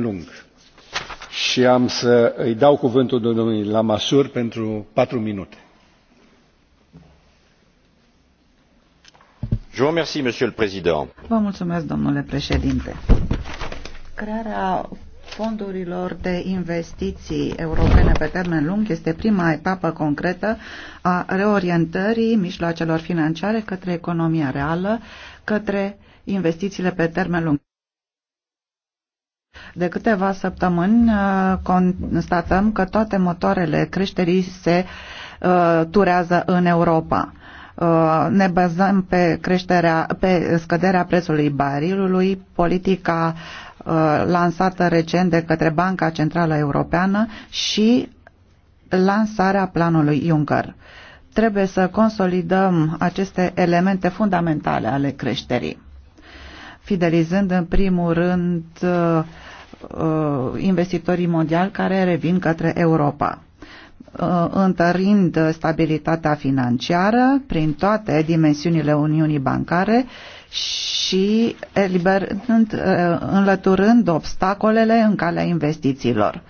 lung și am să îi dau cuvântul domnului Lamasur pentru patru minute. Vă mulțumesc, domnule președinte. Crearea fondurilor de investiții europene pe termen lung este prima etapă concretă a reorientării mijloacelor financiare către economia reală, către investițiile pe termen lung. De câteva săptămâni uh, constatăm că toate motoarele creșterii se uh, turează în Europa uh, ne bazăm pe, creșterea, pe scăderea prețului barilului, politica lansată recent de către Banca Centrală Europeană și lansarea planului Juncker. Trebuie să consolidăm aceste elemente fundamentale ale creșterii, fidelizând în primul rând uh, Uh, investitorii mondiali care revin către Europa uh, întărind stabilitatea financiară prin toate dimensiunile Uniunii Bancare și eliberând, uh, înlăturând obstacolele în calea investițiilor.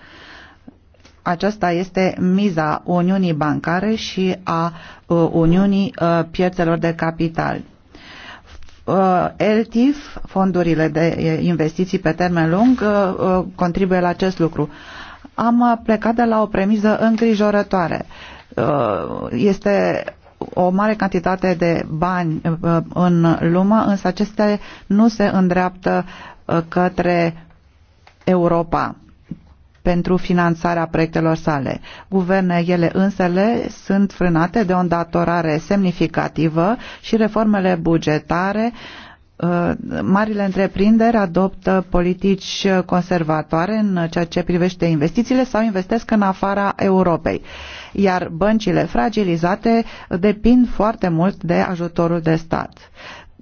Aceasta este miza Uniunii Bancare și a Uniunii Piețelor de Capital. Uh, ELTIF, fondurile de investiții pe termen lung, uh, uh, contribuie la acest lucru. Am plecat de la o premiză îngrijorătoare. Este o mare cantitate de bani în lume, însă acestea nu se îndreaptă către Europa pentru finanțarea proiectelor sale. Guverne ele însele sunt frânate de o îndatorare semnificativă și reformele bugetare uh, marile întreprinderi adoptă politici conservatoare în ceea ce privește investițiile sau investesc în afara Europei. Iar băncile fragilizate depind foarte mult de ajutorul de stat.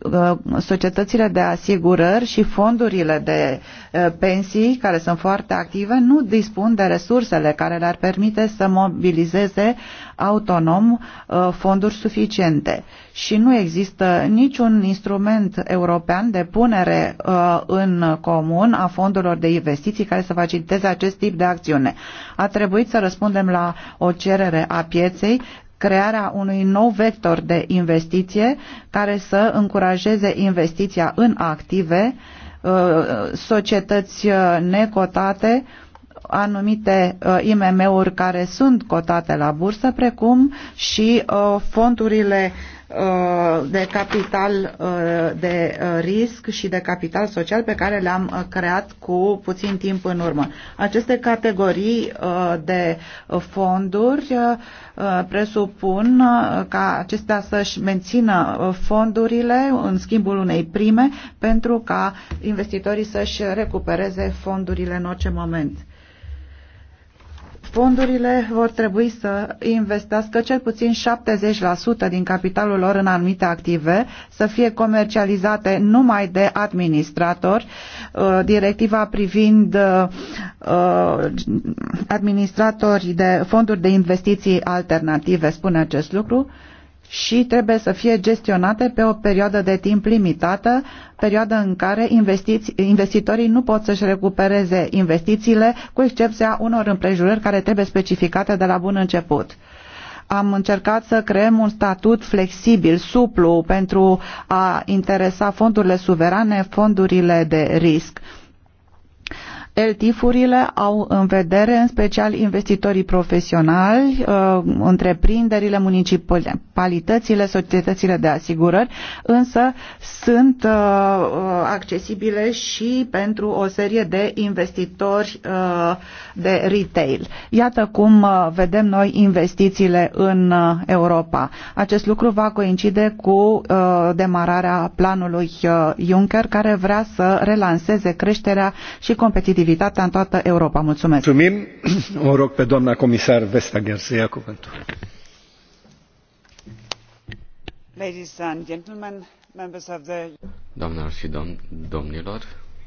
Uh, societățile de asigurări și fondurile de uh, pensii, care sunt foarte active, nu dispun de resursele care le-ar permite să mobilizeze autonom uh, fonduri suficiente. Și nu există niciun instrument european de punere în comun a fondurilor de investiții care să faciliteze acest tip de acțiune. A trebuit să răspundem la o cerere a pieței crearea unui nou vector de investiție care să încurajeze investiția în active, uh, societăți uh, necotate, anumite uh, IMM-uri care sunt cotate la bursă, precum și fondurile Uh, de capital uh, de uh, risc și de capital social pe care le-am creat cu puțin timp în urmă. Aceste categorii de fonduri presupun ca acestea să-și mențină fondurile în schimbul unei prime pentru ca investitorii să-și recupereze fondurile în orice moment fondurile vor trebui să investească cel puțin 70% din capitalul lor în anumite active, să fie comercializate numai de administratori. Uh, directiva privind uh, administratorii de fonduri de investiții alternative spune acest lucru și trebuie să fie gestionate pe o perioadă de timp limitată, perioadă în care investitorii nu pot să-și recupereze investițiile, cu excepția unor împrejurări care trebuie specificate de la bun început. Am încercat să creăm un statut flexibil, suplu, pentru a interesa fondurile suverane, fondurile de risc LTIF-urile au în vedere în special investitorii profesionali, uh, întreprinderile, municipalitățile, societățile de asigurări, însă sunt uh, uh, accesibile și pentru o serie de investitori de retail. Iată cum vedem noi investițiile în Europa. Acest lucru va coincide cu demararea planului Juncker care vrea să relanseze creșterea și competitivitatea activitatea în toată Europa. Mulțumesc! Mulțumim! O rog pe doamna comisar Vestager să ia cuvântul. Ladies and gentlemen, members of the... Doamnelor și dom domnilor,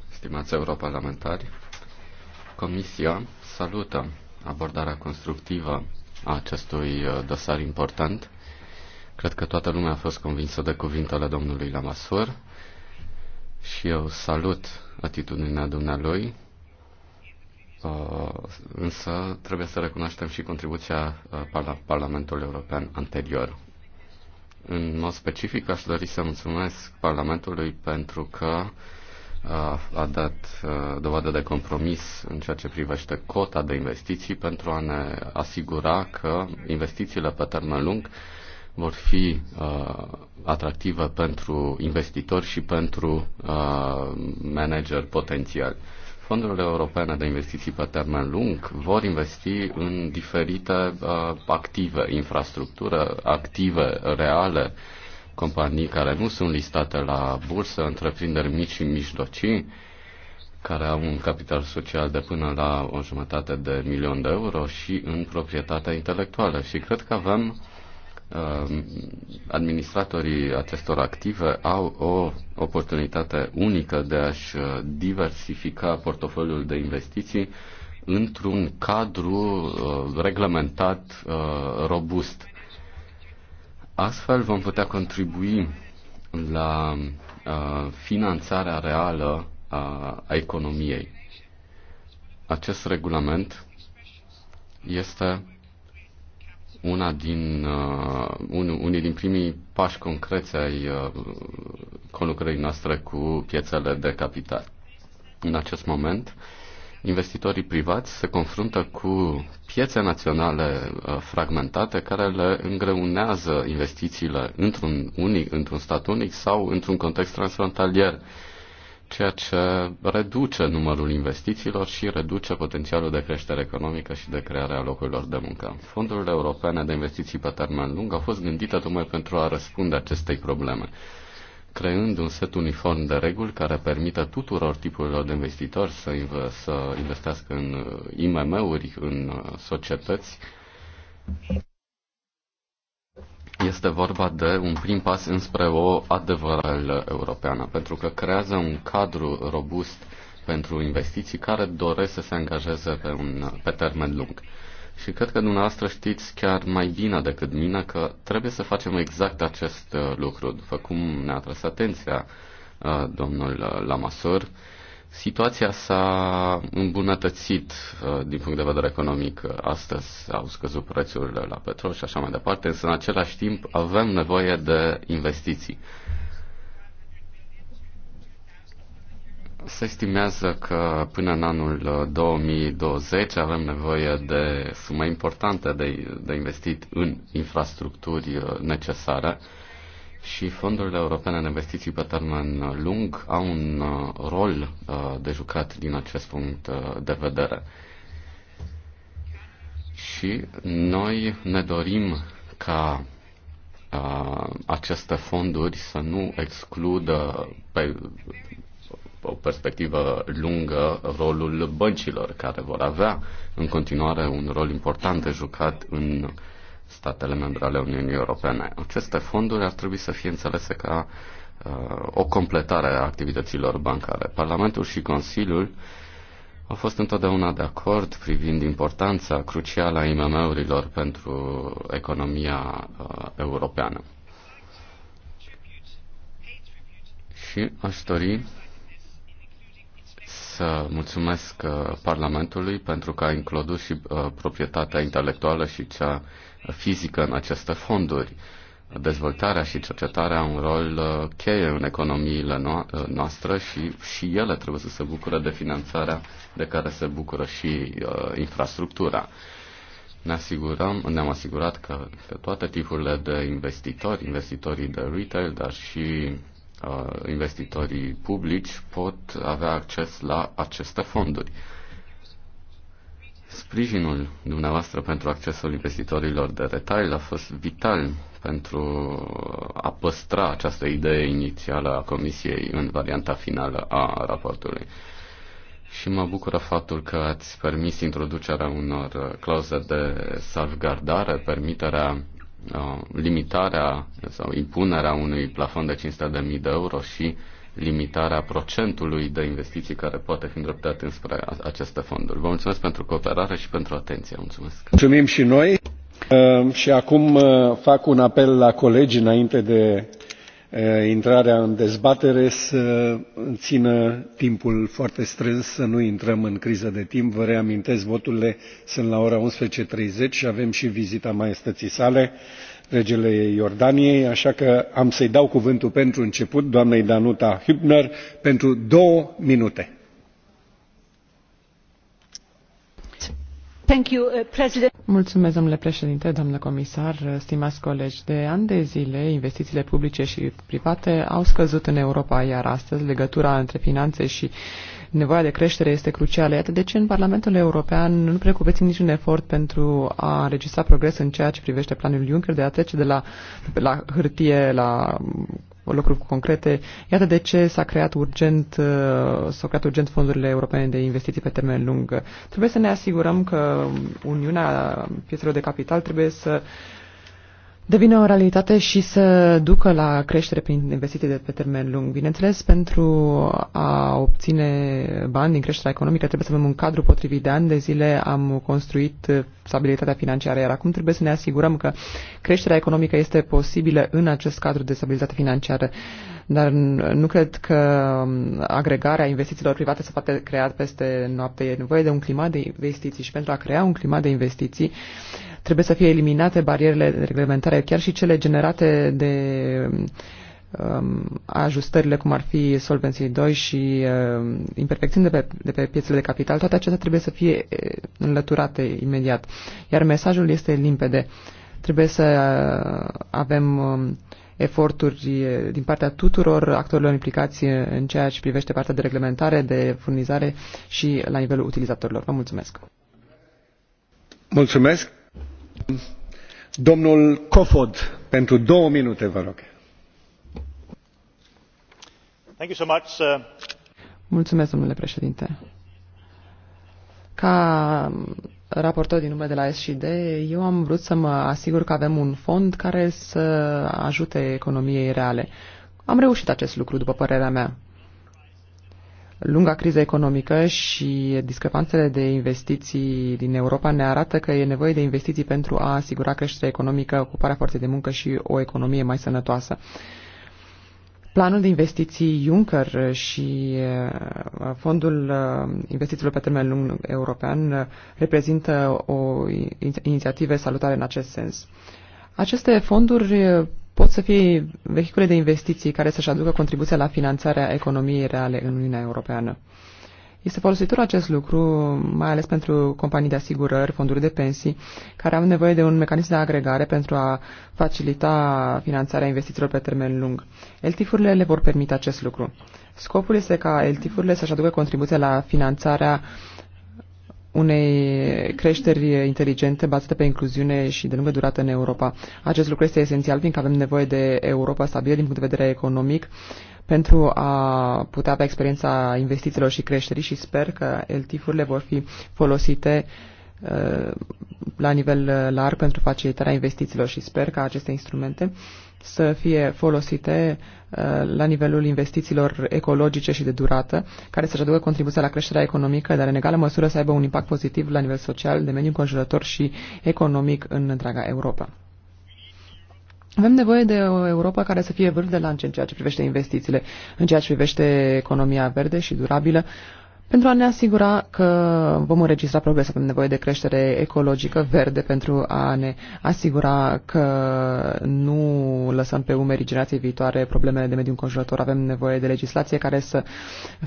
stimați europarlamentari, Comisia salută abordarea constructivă a acestui uh, dosar important. Cred că toată lumea a fost convinsă de cuvintele domnului Lamasur și eu salut atitudinea dumnealui Uh, însă trebuie să recunoaștem și contribuția uh, Parlamentului European anterior. În mod specific, aș dori să mulțumesc Parlamentului pentru că uh, a dat dovadă de compromis în ceea ce privește cota de investiții pentru a ne asigura că investițiile pe termen lung vor fi uh, atractive pentru investitori și pentru uh, manageri potențiali. Uh, Fondurile europene de investiții pe termen lung vor investi în diferite uh, active, infrastructură, active reale, companii care nu sunt listate la bursă, întreprinderi mici și mijlocii, care au un capital social de până la o jumătate de milion de euro și în proprietatea intelectuală. Și cred că avem Um, administratorii acestor active au o oportunitate unică de a-și uh, diversifica portofoliul de investiții într-un cadru uh, reglementat uh, robust. Astfel vom putea contribui la finanțarea reală a economiei. Acest regulament este una din, uh, un, unii din primii pași concreți ai uh, conlucrării noastre cu piețele de capital. În acest moment, investitorii privați se confruntă cu piețe naționale uh, fragmentate care le îngreunează investițiile într-un unic, într-un stat unic sau într-un context transfrontalier. Uh, ceea ce reduce numărul investițiilor și reduce potențialul de creștere economică și de creare a locurilor de muncă. Fondurile europene de investiții pe termen lung au fost gândite tocmai pentru a răspunde acestei probleme, creând un set uniform de reguli care permită tuturor tipurilor de investitori să, inv- să investească în IMM-uri, în societăți este vorba de un prim pas înspre o adevărată europeană, pentru că creează un cadru robust pentru investiții care doresc să se angajeze pe, un, pe termen lung. Și cred că dumneavoastră știți chiar mai bine decât mine că trebuie să facem exact acest uh, lucru, după cum ne-a tras atenția uh, domnul Lamasur. Situația s-a îmbunătățit uh, din punct de vedere economic. Uh, astăzi au scăzut prețurile la petrol și așa mai departe, însă în același timp avem nevoie de investiții. Se estimează că până în anul 2020 uh, avem nevoie de sume importante de, de investit în infrastructuri necesare și fondurile europene în investiții pe termen lung au un uh, rol uh, de jucat din acest punct uh, de vedere. Și noi ne dorim ca aceste fonduri să nu excludă pe o perspectivă lungă rolul băncilor, care vor avea în continuare un rol important de jucat în uh, statele membre ale Uniunii Europene. Aceste fonduri ar trebui să fie înțelese ca uh, o completare a activităților bancare. Parlamentul și Consiliul au fost întotdeauna de acord privind importanța crucială a IMM-urilor pentru economia uh, europeană. Și aș dori să mulțumesc uh, Parlamentului pentru că a inclus și uh, proprietatea intelectuală și cea fizică în aceste fonduri. Dezvoltarea și cercetarea au un rol uh, cheie în economiile noastre și, și ele trebuie să se bucure de finanțarea de care se bucură și uh, infrastructura. Ne asigurăm, ne-am asigurat că, că toate tipurile de investitori, investitorii de retail, dar și Uh, investitorii publici pot avea acces la aceste fonduri. Sprijinul dumneavoastră pentru accesul investitorilor de retail a fost vital pentru a păstra această idee inițială a Comisiei în varianta finală a raportului. Și mă bucură faptul că ați permis introducerea unor clauze de salvgardare, permiterea Uh, limitarea sau impunerea unui plafon de 500.000 de euro și limitarea procentului de investiții care poate fi îndreptat înspre aceste fonduri. Vă mulțumesc pentru cooperare și pentru atenție. Mulțumesc. Mulțumim și noi. Uh, și acum uh, fac un apel la colegi înainte de Eh, intrarea în dezbatere să țină timpul foarte strâns să nu intrăm în criză de timp. vă reamintesc voturile sunt la ora unsprezece treizeci și avem și vizita maiestății sale regele iordaniei așa că am să i dau cuvântul pentru început doamnei danuta hübner pentru două minute. Uh, Mulțumesc, domnule președinte, doamnă comisar, uh, stimați colegi. De ani de zile, investițiile publice și private au scăzut în Europa, iar astăzi legătura între finanțe și nevoia de creștere este crucială. Iată de ce în Parlamentul European nu precupeți niciun efort pentru a înregistra progres în ceea ce privește planul Juncker, de a trece de la, de la hârtie la lucruri concrete. Iată de ce s-a creat urgent, uh, s-au creat urgent fondurile europene de investiții pe termen lung. Trebuie să ne asigurăm că Uniunea Piețelor de Capital trebuie să uh, devină o realitate și să ducă la creștere prin investiții de pe termen lung. Bineînțeles, pentru a obține bani din creșterea economică trebuie să avem un cadru potrivit. De ani de zile am construit stabilitatea financiară, iar acum trebuie să ne asigurăm că creșterea economică este posibilă în acest cadru de stabilitate financiară. Dar nu cred că agregarea investițiilor private se poate crea peste noapte. E nevoie de un climat de investiții și pentru a crea un climat de investiții Trebuie să fie eliminate barierele de reglementare, chiar și cele generate de um, ajustările cum ar fi Solvency 2 și um, imperfecțiuni de pe, de pe piețele de capital, toate acestea trebuie să fie eh, înlăturate imediat. Iar mesajul este limpede. Trebuie să uh, avem um, eforturi eh, din partea tuturor actorilor implicați în ceea ce privește partea de reglementare, de furnizare și la nivelul utilizatorilor. Vă mulțumesc! Mulțumesc! Domnul Cofod, pentru două minute, vă rog. Mulțumesc, domnule președinte. Ca raportor din nume de la SCD, eu am vrut să mă asigur că avem un fond care să ajute economiei reale. Am reușit acest lucru, după părerea mea lunga criză economică și discrepanțele de investiții din Europa ne arată că e nevoie de investiții pentru a asigura creșterea economică, ocuparea forței de muncă și o economie mai sănătoasă. Planul de investiții Juncker și uh, Fondul uh, Investițiilor pe termen lung european uh, reprezintă o inițiativă salutare în acest sens. Aceste fonduri pot să fie vehicule de investiții care să-și aducă contribuția la finanțarea economiei reale în Uniunea Europeană. Este folositor acest lucru, mai ales pentru companii de asigurări, fonduri de pensii, care au nevoie de un mecanism de agregare pentru a facilita finanțarea investițiilor pe termen lung. LTIF-urile le vor permite acest lucru. Scopul este ca LTIF-urile să-și aducă contribuția la finanțarea unei creșteri inteligente bazate pe incluziune și de lungă durată în Europa. Acest lucru este esențial, fiindcă avem nevoie de Europa stabilă din punct de vedere economic pentru a putea avea experiența investițiilor și creșterii și sper că LTIF-urile vor fi folosite uh, la nivel uh, larg pentru facilitarea investițiilor și sper ca aceste instrumente să fie folosite uh, la nivelul investițiilor ecologice și de durată, care să-și aducă contribuția la creșterea economică, dar în egală măsură să aibă un impact pozitiv la nivel social, de mediu înconjurător și economic în întreaga Europa. Avem nevoie de o Europa care să fie vârf de lance în ceea ce privește investițiile, în ceea ce privește economia verde și durabilă, pentru a ne asigura că vom înregistra progres. Avem nevoie de creștere ecologică, verde, pentru a ne asigura că nu lăsăm pe umerii generației viitoare problemele de mediu înconjurător. Avem nevoie de legislație care să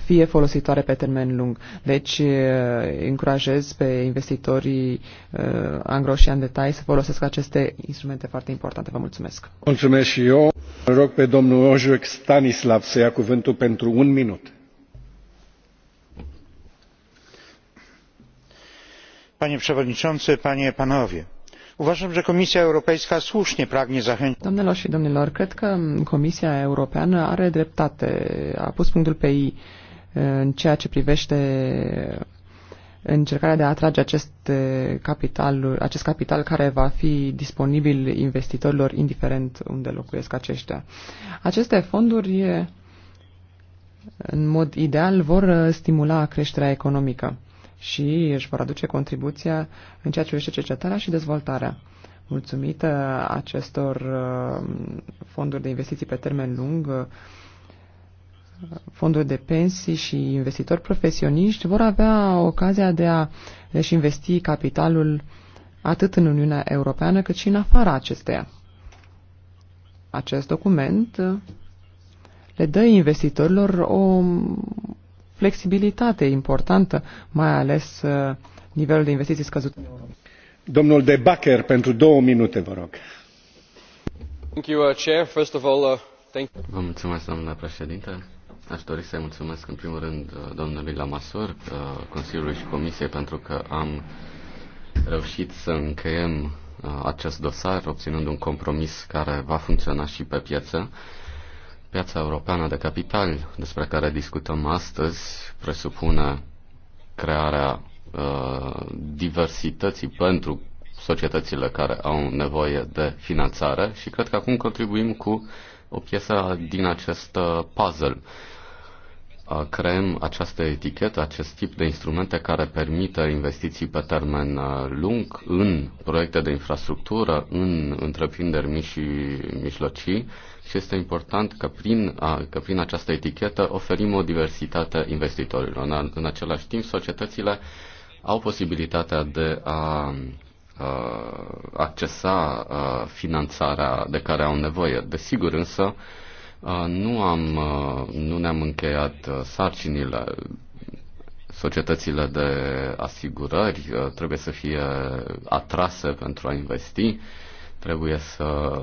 fie folositoare pe termen lung. Deci eh, încurajez pe investitorii eh, angro și în detai să folosească aceste instrumente foarte importante. Vă mulțumesc. Mulțumesc și eu. Rog pe domnul Ojuc Stanislav să ia cuvântul pentru un minut. panie przewodniczący panie i panowie! uważam că comisia europeană słusznie pragnie zachęcić. doamnelor și domnilor cred că comisia europeană are dreptate a pus punctul pe i în ceea ce privește încercarea de a atrage acest capital, acest capital care va fi disponibil investitorilor indiferent unde locuiesc aceștia. Aceste fonduri în mod ideal vor stimula creșterea economică și își vor aduce contribuția în ceea ce privește cercetarea și dezvoltarea. Mulțumită acestor uh, fonduri de investiții pe termen lung, uh, fonduri de pensii și investitori profesioniști vor avea ocazia de a își investi capitalul atât în Uniunea Europeană cât și în afara acesteia. Acest document uh, le dă investitorilor o flexibilitate importantă, mai ales uh, nivelul de investiții scăzut. Domnul De Bacher, pentru două minute, vă rog. Thank you, uh, Chair. First of all, uh, thank you. Vă mulțumesc, domnule președinte. Aș dori să-i mulțumesc în primul rând uh, domnului Lamasor, uh, Consiliului și Comisiei pentru că am reușit să încheiem acest dosar, obținând un compromis care va funcționa și pe piață. Piața europeană de capital despre care discutăm astăzi presupune crearea uh, diversității pentru societățile care au nevoie de finanțare și cred că acum contribuim cu o piesă din acest uh, puzzle. Uh, creăm această etichetă, acest tip de instrumente care permită investiții pe termen uh, lung în proiecte de infrastructură, în întreprinderi mici și mijlocii, și este important că prin, a, că prin această etichetă oferim o diversitate investitorilor. În, în același timp, societățile au posibilitatea de a accesa finanțarea de care au nevoie. Desigur însă, nu, am, nu ne-am încheiat sarcinile. Societățile de asigurări trebuie să fie atrase pentru a investi. Trebuie să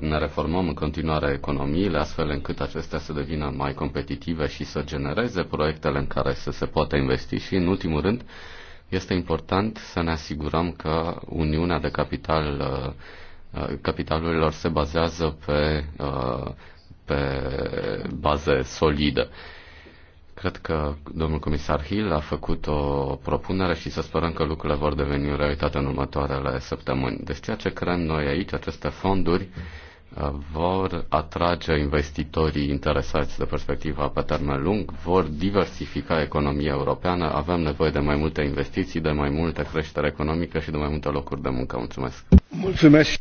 ne reformăm în continuare economiile, astfel încât acestea să devină mai competitive și să genereze proiectele în care să se poată investi. Și, în ultimul rând, este important să ne asigurăm că Uniunea de Capital, uh, uh, Capitalurilor se bazează pe, uh, pe baze solide. Cred că domnul comisar Hill a făcut o propunere și să sperăm că lucrurile vor deveni o realitate în următoarele săptămâni. Deci ceea ce creăm noi aici, aceste fonduri, uh, vor atrage investitorii interesați de perspectiva pe termen lung, vor diversifica economia europeană, avem nevoie de mai multe investiții, de mai multă creștere economică și de mai multe locuri de muncă. Mulțumesc! Mulțumesc!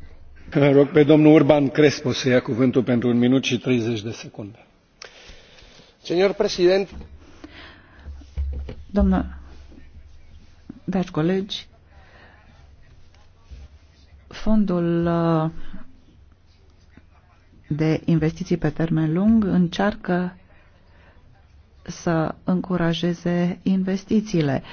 Rog pe domnul Urban Crespo să ia cuvântul pentru un minut și 30 de secunde. Señor președinte, Domnul, dragi colegi, fondul uh, de investiții pe termen lung încearcă să încurajeze investițiile.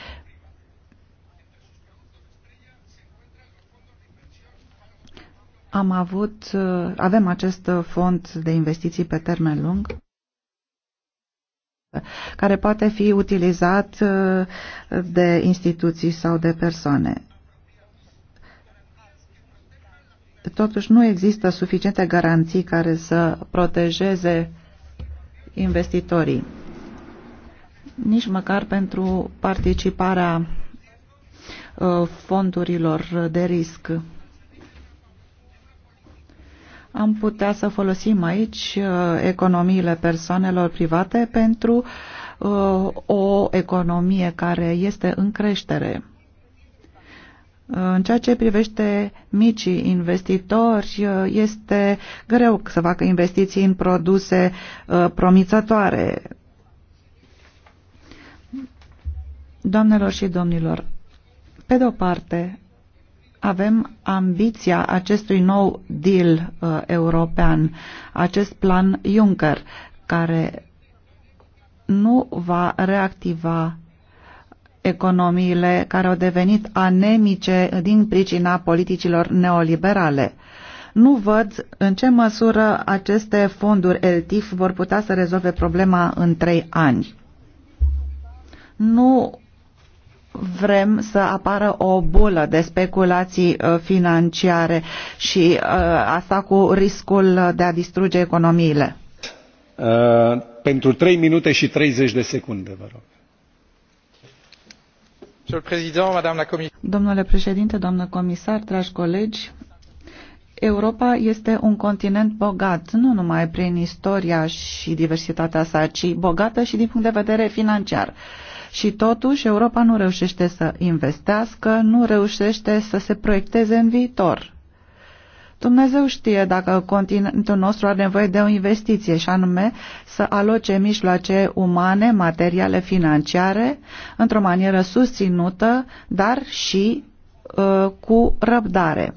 Am avut, uh, avem acest fond de investiții pe termen lung care poate fi utilizat uh, de instituții sau de persoane. Totuși nu există suficiente garanții care să protejeze investitorii, nici măcar pentru participarea uh, fondurilor de risc am putea să folosim aici uh, economiile persoanelor private pentru uh, o economie care este în creștere. În ceea ce privește micii investitori, uh, este greu să facă investiții în produse promițătoare. Doamnelor și domnilor, pe de o parte, avem ambiția acestui nou deal uh, european, acest plan Juncker, care nu va reactiva economiile care au devenit anemice din pricina politicilor neoliberale. Nu văd în ce măsură aceste fonduri LTIF vor putea să rezolve problema în trei ani. Nu vrem să apară o bulă de speculații uh, financiare și uh, asta cu riscul de a distruge economiile. Uh, pentru 3 minute și 30 de secunde, vă rog. Domnule președinte, doamnă comisar, dragi colegi, Europa este un continent bogat, nu numai prin istoria și diversitatea sa, ci bogată și din punct de vedere financiar. Uh, și totuși Europa nu reușește să investească, nu reușește să se proiecteze în viitor. Dumnezeu știe dacă continentul nostru are nevoie de o investiție și anume să aloce mijloace umane, materiale, financiare într-o manieră susținută, dar și uh, cu răbdare.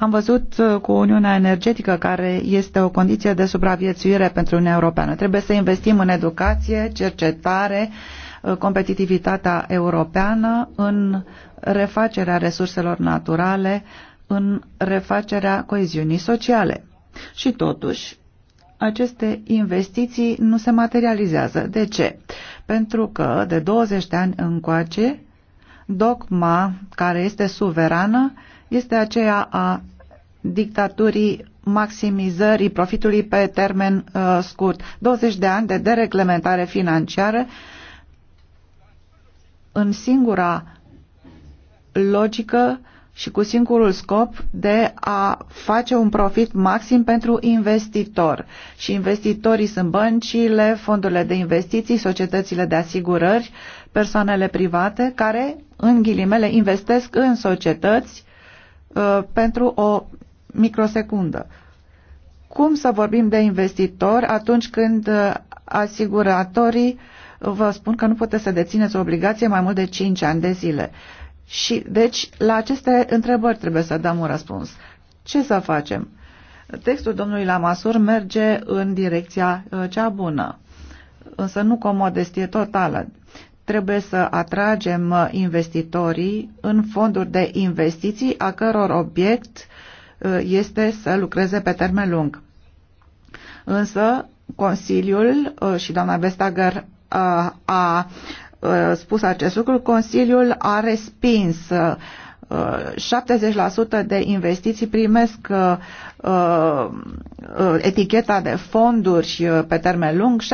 Am văzut uh, cu Uniunea Energetică, care este o condiție de supraviețuire pentru Uniunea Europeană. Trebuie să investim în educație, cercetare, uh, competitivitatea europeană, în refacerea resurselor naturale, în refacerea coeziunii sociale. Și totuși, aceste investiții nu se materializează. De ce? Pentru că de 20 de ani încoace, Dogma care este suverană este aceea a dictaturii maximizării profitului pe termen uh, scurt. 20 de ani de dereglementare financiară în singura logică și cu singurul scop de a face un profit maxim pentru investitor. Și investitorii sunt băncile, fondurile de investiții, societățile de asigurări, uh, persoanele private care, în ghilimele, investesc în societăți uh, pentru o microsecundă. Cum să vorbim de investitori atunci când uh, asiguratorii uh, vă spun că nu puteți să dețineți o obligație mai mult de 5 ani de zile? Și, deci, la aceste întrebări trebuie să dăm un răspuns. Ce să facem? Textul domnului Lamasur merge în direcția cea bună, însă nu cu o modestie totală. Trebuie să atragem uh, investitorii în fonduri de investiții a căror obiect uh, este să lucreze pe termen lung. Însă, Consiliul uh, și doamna Vestager a, a spus acest lucru, Consiliul a respins 70% de investiții primesc eticheta de fonduri pe termen lung, 60%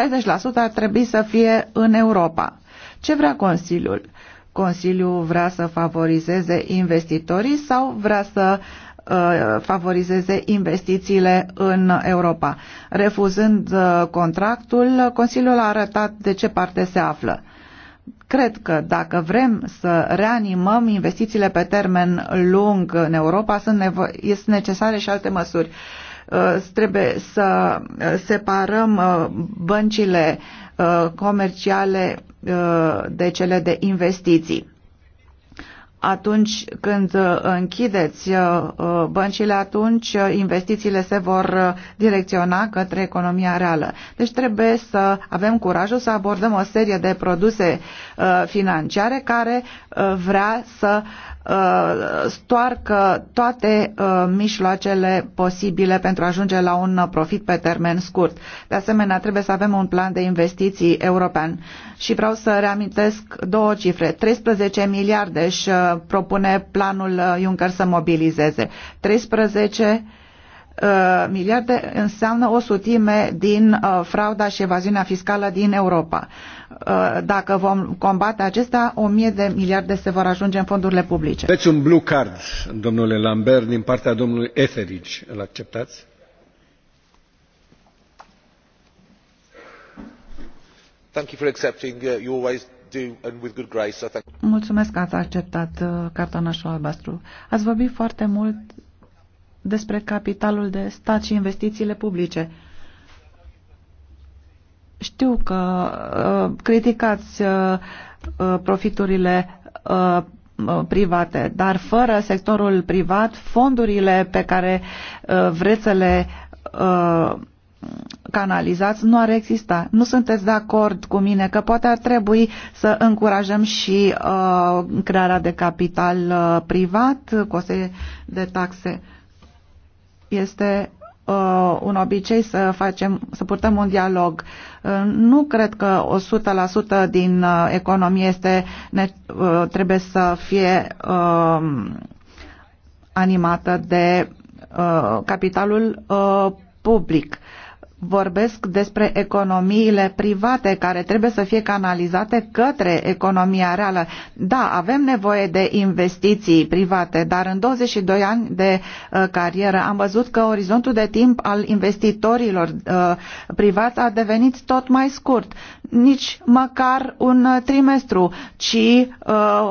ar trebui să fie în Europa. Ce vrea Consiliul? Consiliul vrea să favorizeze investitorii sau vrea să uh, favorizeze investițiile în Europa. Refuzând uh, contractul, Consiliul a arătat de ce parte se află. Cred că dacă vrem să reanimăm investițiile pe termen lung în Europa, sunt nevo- este necesare și alte măsuri. Uh, trebuie să uh, separăm băncile comerciale de cele de investiții. Atunci când închideți uh, uh, băncile, atunci uh, investițiile se vor direcționa către economia reală. Deci trebuie să avem curajul să abordăm o serie de produse financiare care vrea să Uh, stoarcă toate uh, mijloacele posibile pentru a ajunge la un profit pe termen scurt. De asemenea, trebuie să avem un plan de investiții european. Și vreau să reamintesc două cifre. 13 miliarde își uh, propune planul Juncker să mobilizeze. 13 Uh, miliarde înseamnă o sutime din uh, frauda și evaziunea fiscală din Europa. Uh, dacă vom combate acestea, o mie de miliarde se vor ajunge în fondurile publice. Aveți un blue card, domnule Lambert, din partea domnului Etheridge. Îl acceptați? Thank you for accepting. You always Mulțumesc că ați acceptat cartonașul albastru. Ați vorbit foarte mult despre capitalul de stat și investițiile publice. Știu că uh, criticați uh, uh profiturile uh, uh, private, dar fără sectorul privat, fondurile pe care uh, vreți să le uh, canalizați nu ar exista. Nu sunteți de acord cu mine că poate ar trebui să încurajăm și uh, crearea de capital uh, privat, coste de taxe. Uh, este uh, un obicei să facem, să purtăm un dialog. Uh, nu cred că 100% din uh, economie este, ne, uh, trebuie să fie uh, animată de uh, capitalul uh, public vorbesc despre economiile private care trebuie să fie canalizate către economia reală. Da, avem nevoie de investiții private, dar în 22 ani de uh, carieră am văzut că orizontul de timp al investitorilor uh, privați a devenit tot mai scurt. Nici măcar un uh, trimestru, ci uh,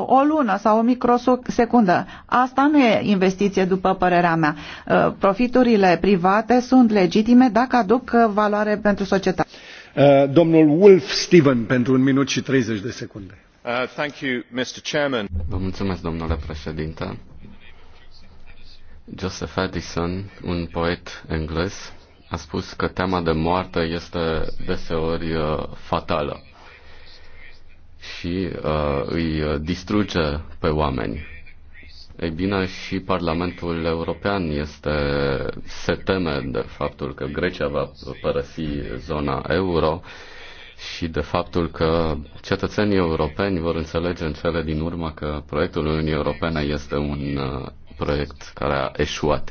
o lună sau o microsecundă. Asta nu e investiție, după părerea mea. Uh, profiturile private sunt legitime dacă aduc uh, valoare pentru societate. Uh, domnul Wolf Steven pentru un minut și 30 de secunde. Uh, thank you, Mr. Chairman. Vă mulțumesc, domnule președinte. Joseph Addison, un poet englez, a spus că teama de moarte este deseori uh, fatală și uh, îi distruge pe oameni. Ei bine, și Parlamentul European este, se teme de faptul că Grecia va părăsi zona euro și de faptul că cetățenii europeni vor înțelege în cele din urmă că proiectul Uniunii Europene este un uh, proiect care a eșuat.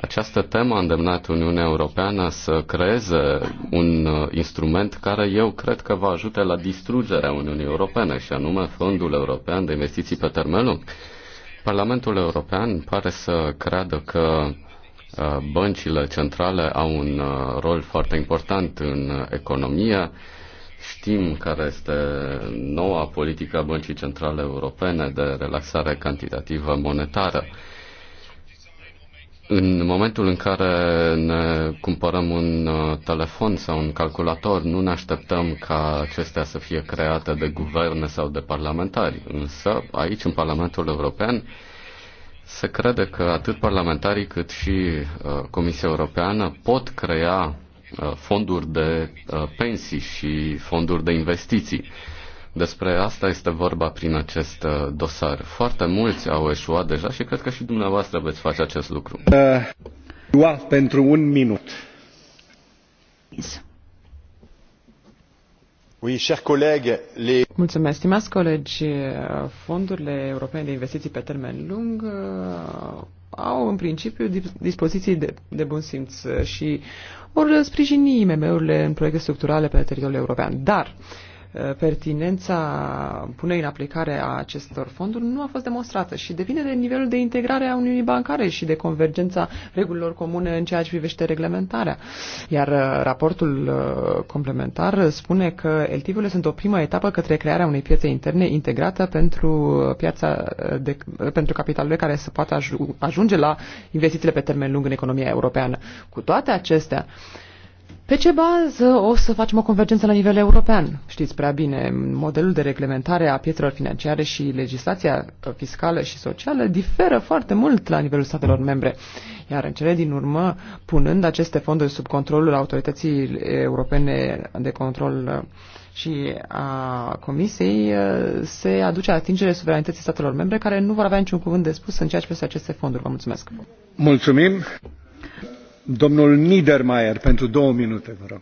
Această temă a îndemnat Uniunea Europeană să creeze un uh, instrument care eu cred că va ajute la distrugerea Uniunii Europene, și anume Fondul European de Investiții pe Termen Lung Parlamentul European pare să creadă că uh, băncile centrale au un uh, rol foarte important în economie. Știm care este noua politică a Băncii Centrale Europene de relaxare cantitativă monetară. În momentul în care ne cumpărăm un uh, telefon sau un calculator, nu ne așteptăm ca acestea să fie create de guverne sau de parlamentari. Însă, aici, în Parlamentul European, se crede că atât parlamentarii cât și uh, Comisia Europeană pot crea uh, fonduri de pensii și fonduri de investiții despre asta este vorba prin acest uh, dosar. Foarte mulți au eșuat deja și cred că și dumneavoastră veți face acest lucru. Uh, pentru un minut. Mulțumesc, stimați colegi. Fondurile europene de investiții pe termen lung uh, au în principiu dispoziții de, de bun simț și vor sprijini IMM-urile în proiecte structurale pe teritoriul european. Dar uh, Uh, pertinența punerii în aplicare a acestor fonduri nu a fost demonstrată și devine de nivelul de integrare a Uniunii Bancare și de convergența regulilor comune în ceea ce privește reglementarea. Iar uh, raportul uh, complementar spune că LTIV-urile sunt o primă etapă către crearea unei piețe interne integrată pentru piața de, pentru capitalul care să poată ajunge la investițiile pe termen lung în economia europeană. Cu toate acestea, pe ce bază o să facem o convergență la nivel european? Știți prea bine, modelul de reglementare a piețelor financiare și legislația fiscală și socială diferă foarte mult la nivelul statelor membre. Iar în cele din urmă, punând aceste fonduri sub controlul autorității europene de control și a Comisiei, se aduce atingere suveranității statelor membre care nu vor avea niciun cuvânt de spus în ceea ce peste aceste fonduri. Vă mulțumesc! Mulțumim! Domnul pentru două minute, vă rog.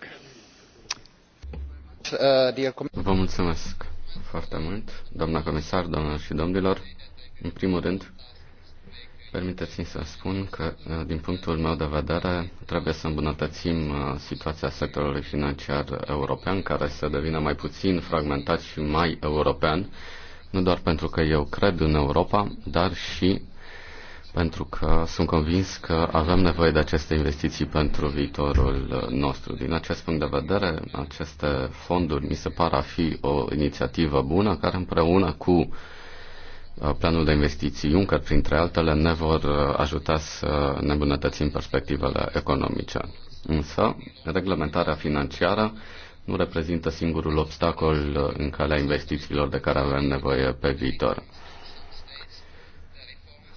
Vă mulțumesc foarte mult, comisar, doamnelor și domnilor. În primul rând, Permiteți-mi să spun că, uh, din punctul meu de vedere, trebuie să îmbunătățim uh, situația sectorului financiar european, care să devină mai puțin fragmentat și mai european, nu doar pentru că eu cred în Europa, dar și pentru că sunt convins că avem nevoie de aceste investiții pentru viitorul nostru. Din acest punct de vedere, aceste fonduri mi se par a fi o inițiativă bună care împreună cu uh, planul de investiții Juncker, printre altele, ne vor uh, ajuta să ne îmbunătățim perspectivele economice. Însă, reglementarea financiară nu reprezintă singurul obstacol uh, în calea investițiilor de care avem nevoie pe viitor.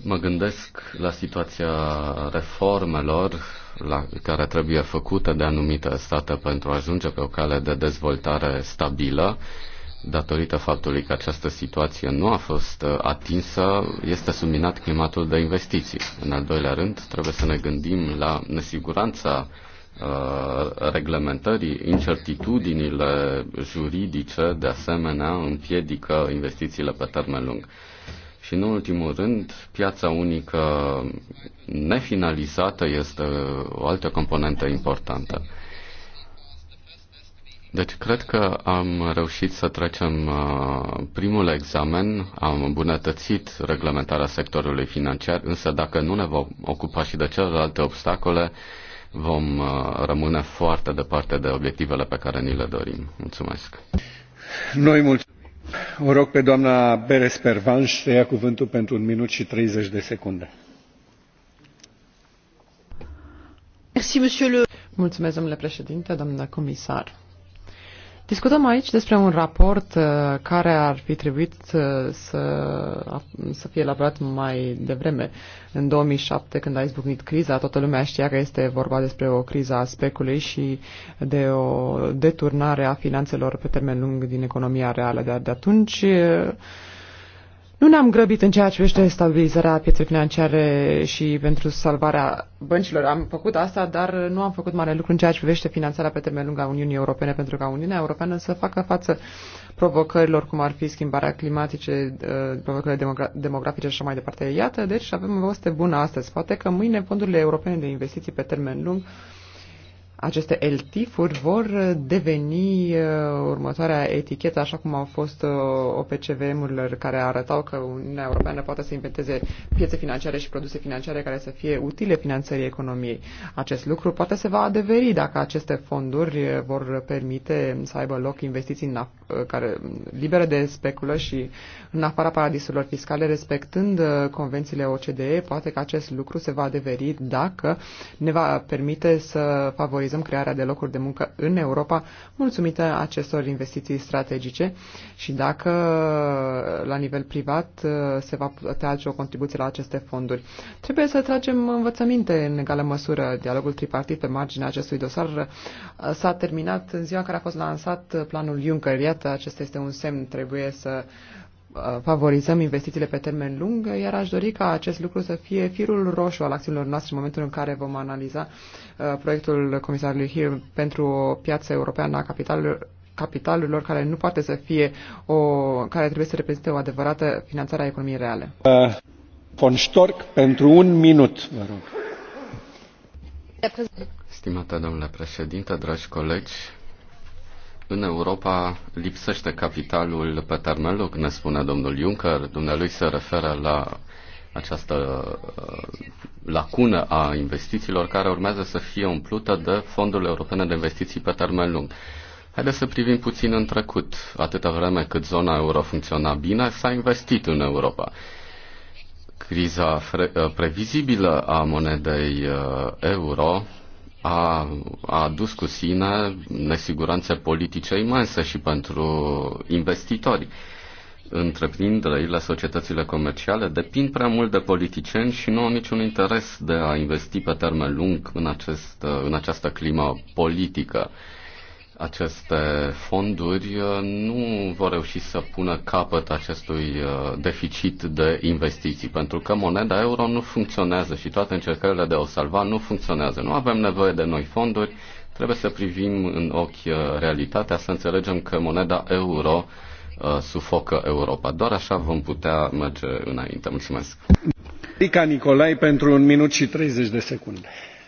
Mă gândesc la situația reformelor la care trebuie făcute de anumite state pentru a ajunge pe o cale de dezvoltare stabilă. Datorită faptului că această situație nu a fost uh, atinsă, este subminat climatul de investiții. În al doilea rând, trebuie să ne gândim la nesiguranța uh, reglementării, incertitudinile juridice, de asemenea, împiedică investițiile pe termen lung. Și în ultimul rând, piața unică nefinalizată este o altă componentă importantă. Deci cred că am reușit să trecem uh, primul examen, am îmbunătățit reglementarea sectorului financiar, însă dacă nu ne vom ocupa și de celelalte obstacole, vom uh, rămâne foarte departe de obiectivele pe care ni le dorim. Mulțumesc! Noi mulțumim! O rog pe doamna Beres Pervanș pentru un minut și 30 de secunde. Mulțumesc, domnule președinte, doamna comisar Discutăm aici despre un raport uh, care ar fi trebuit uh, să, să fie elaborat mai devreme. În 2007, când a izbucnit criza, toată lumea știa că este vorba despre o criză a specului și de o deturnare a finanțelor pe termen lung din economia reală. Dar de atunci uh, nu ne-am grăbit în ceea ce privește stabilizarea pieței financiare și pentru salvarea băncilor. Am făcut asta, dar nu am făcut mare lucru în ceea ce privește finanțarea pe termen lung a Uniunii Europene, pentru ca Uniunea Europeană să facă față provocărilor, cum ar fi schimbarea climatice, uh, provocările demogra- demografice și așa mai departe. Iată, deci avem o veste bună astăzi. Poate că mâine fondurile europene de investiții pe termen lung aceste LTIF-uri vor deveni uh, următoarea etichetă, așa cum au fost uh, OPCVM-urile care arătau că Uniunea Europeană poate să inventeze piețe financiare și produse financiare care să fie utile finanțării economiei. Acest lucru poate se va adeveri dacă aceste fonduri vor permite să aibă loc investiții în care, libere de speculă și în afara paradisurilor fiscale, respectând uh, convențiile OCDE, poate că acest lucru se va adeveri dacă ne va permite să favorizăm favorizăm crearea de locuri de muncă în Europa, mulțumită acestor investiții strategice și dacă la nivel privat uh, se va putea alce o contribuție la aceste fonduri. Trebuie să tragem învățăminte în egală măsură. Dialogul tripartit pe marginea acestui dosar uh, s-a terminat în ziua în care a fost lansat planul Juncker. Iată, acesta este un semn. Trebuie să Uh, favorizăm investițiile pe termen lung, iar aș dori ca acest lucru să fie firul roșu al acțiunilor noastre în momentul în care vom analiza uh, proiectul comisarului Hill pentru o piață europeană a capitalului capitalurilor care nu poate să fie o, care trebuie să reprezinte o adevărată finanțare a economiei reale. Uh, von Storch pentru un minut, vă rog. Stimată domnule președinte, dragi colegi, în Europa lipsește capitalul pe termen lung, ne spune domnul Juncker. Dumnealui se referă la această uh, lacună a investițiilor care urmează să fie umplută de fondurile europene de investiții pe termen lung. Haideți să privim puțin în trecut. Atâta vreme cât zona euro funcționa bine, s-a investit în Europa. Criza uh, previzibilă a monedei uh, euro a, a adus cu sine nesiguranțe politice imense și pentru investitori. Întreprinderile, societățile comerciale depind prea mult de politicieni și nu au niciun interes de a investi pe termen lung în, acest, în această climă politică aceste fonduri uh, nu vor reuși să pună capăt acestui uh, deficit de investiții, pentru că moneda euro nu funcționează și toate încercările de a o salva nu funcționează. Nu avem nevoie de noi fonduri, trebuie să privim în ochi uh, realitatea, să înțelegem că moneda euro sufocă Europa. Doar așa vom putea merge înainte. Mulțumesc. Rica Nicolai pentru un minut și 30 de secunde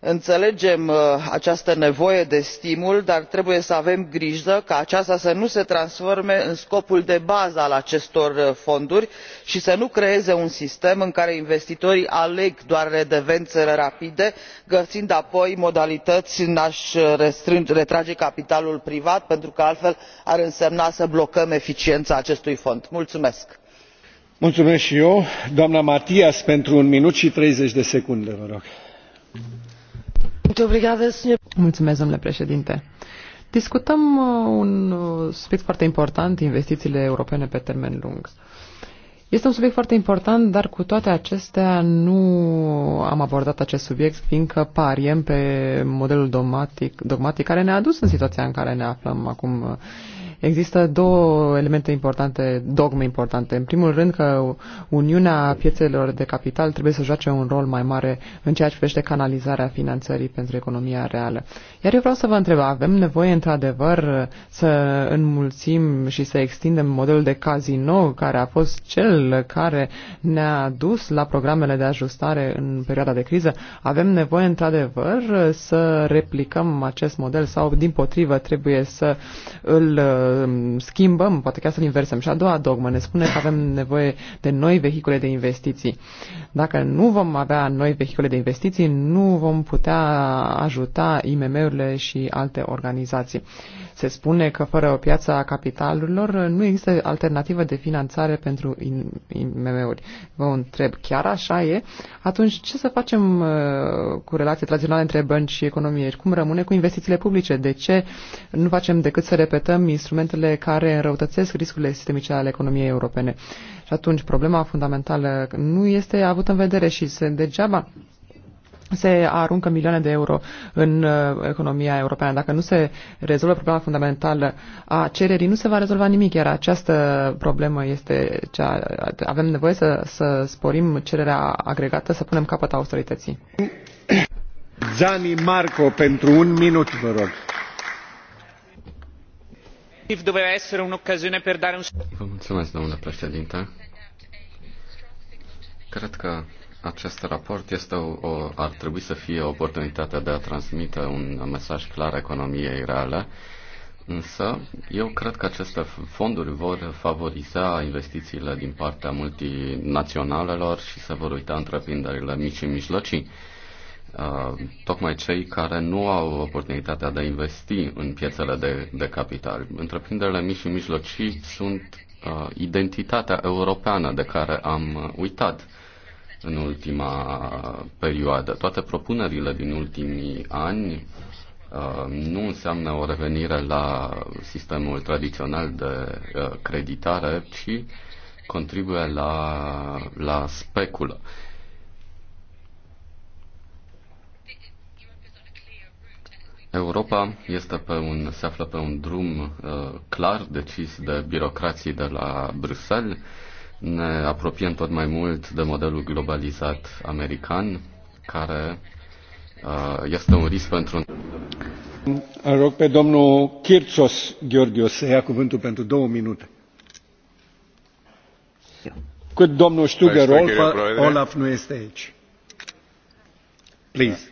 înțelegem uh, această nevoie de stimul dar trebuie să avem grijă ca aceasta să nu se transforme în scopul de bază al acestor uh, fonduri și să nu creeze un sistem în care investitorii aleg doar redevențele rapide găsind apoi modalități în a și uh, retrage capitalul privat pentru că altfel ar însemna să blocăm eficiența acestui fond. mulțumesc. mulțumesc și eu. doamna matias pentru un minut și treizeci de secunde vă rog domnule președinte. Discutăm uh, un uh, subiect foarte important, investițiile europene pe termen lung. Este un subiect foarte important, dar cu toate acestea nu am abordat acest subiect, fiindcă pariem pe modelul dogmatic, dogmatic care ne-a dus în situația în care ne aflăm acum uh, Există două elemente importante, dogme importante. În primul rând că Uniunea Piețelor de Capital trebuie să joace un rol mai mare în ceea ce privește canalizarea finanțării pentru economia reală. Iar eu vreau să vă întreb, avem nevoie într-adevăr să înmulțim și să extindem modelul de casino care a fost cel care ne-a dus la programele de ajustare în perioada de criză? Avem nevoie într-adevăr să replicăm acest model sau din potrivă trebuie să îl Um, schimbăm, poate chiar să-l inversăm. Și a doua dogmă ne spune că avem nevoie de noi vehicule de investiții. Dacă nu vom avea noi vehicule de investiții, nu vom putea ajuta IMM-urile și alte organizații. Se spune că fără o piață a capitalurilor nu există alternativă de finanțare pentru IMM-uri. Vă întreb, chiar așa e? Atunci ce să facem uh, cu relația tradițională între bănci și economie? Cum rămâne cu investițiile publice? De ce nu facem decât să repetăm instrumente elementele care înrăutățesc riscurile sistemice ale economiei europene. Și atunci problema fundamentală nu este avută în vedere și se degeaba se aruncă milioane de euro în uh, economia europeană. Dacă nu se rezolvă problema fundamentală a cererii, nu se va rezolva nimic, iar această problemă este cea... Avem nevoie să, să sporim cererea agregată, să punem capăt austerității. Zani Marco, pentru un minut, vă rog. Vă mulțumesc, domnule președinte. Cred că acest raport este o, ar trebui să fie o oportunitate de a transmite un mesaj clar economiei reale, însă eu cred că aceste fonduri vor favoriza investițiile din partea multinaționalelor și se vor uita întreprinderile mici și mijlocii Uh, tocmai cei care nu au oportunitatea de a investi în piețele de, de capital. Întreprinderile mici și mijlocii sunt uh, identitatea europeană de care am uitat în ultima perioadă. Toate propunerile din ultimii ani uh, nu înseamnă o revenire la sistemul tradițional de uh, creditare, ci contribuie la, la speculă. Europa este pe un, se află pe un drum uh, clar decis de birocrații de la Bruxelles. Ne apropiem tot mai mult de modelul globalizat american, care uh, este un risc pentru... Îl rog pe domnul Kirțos Gheorghios să ia cuvântul pentru două minute. Cât domnul Stuger Olaf nu este aici. Please.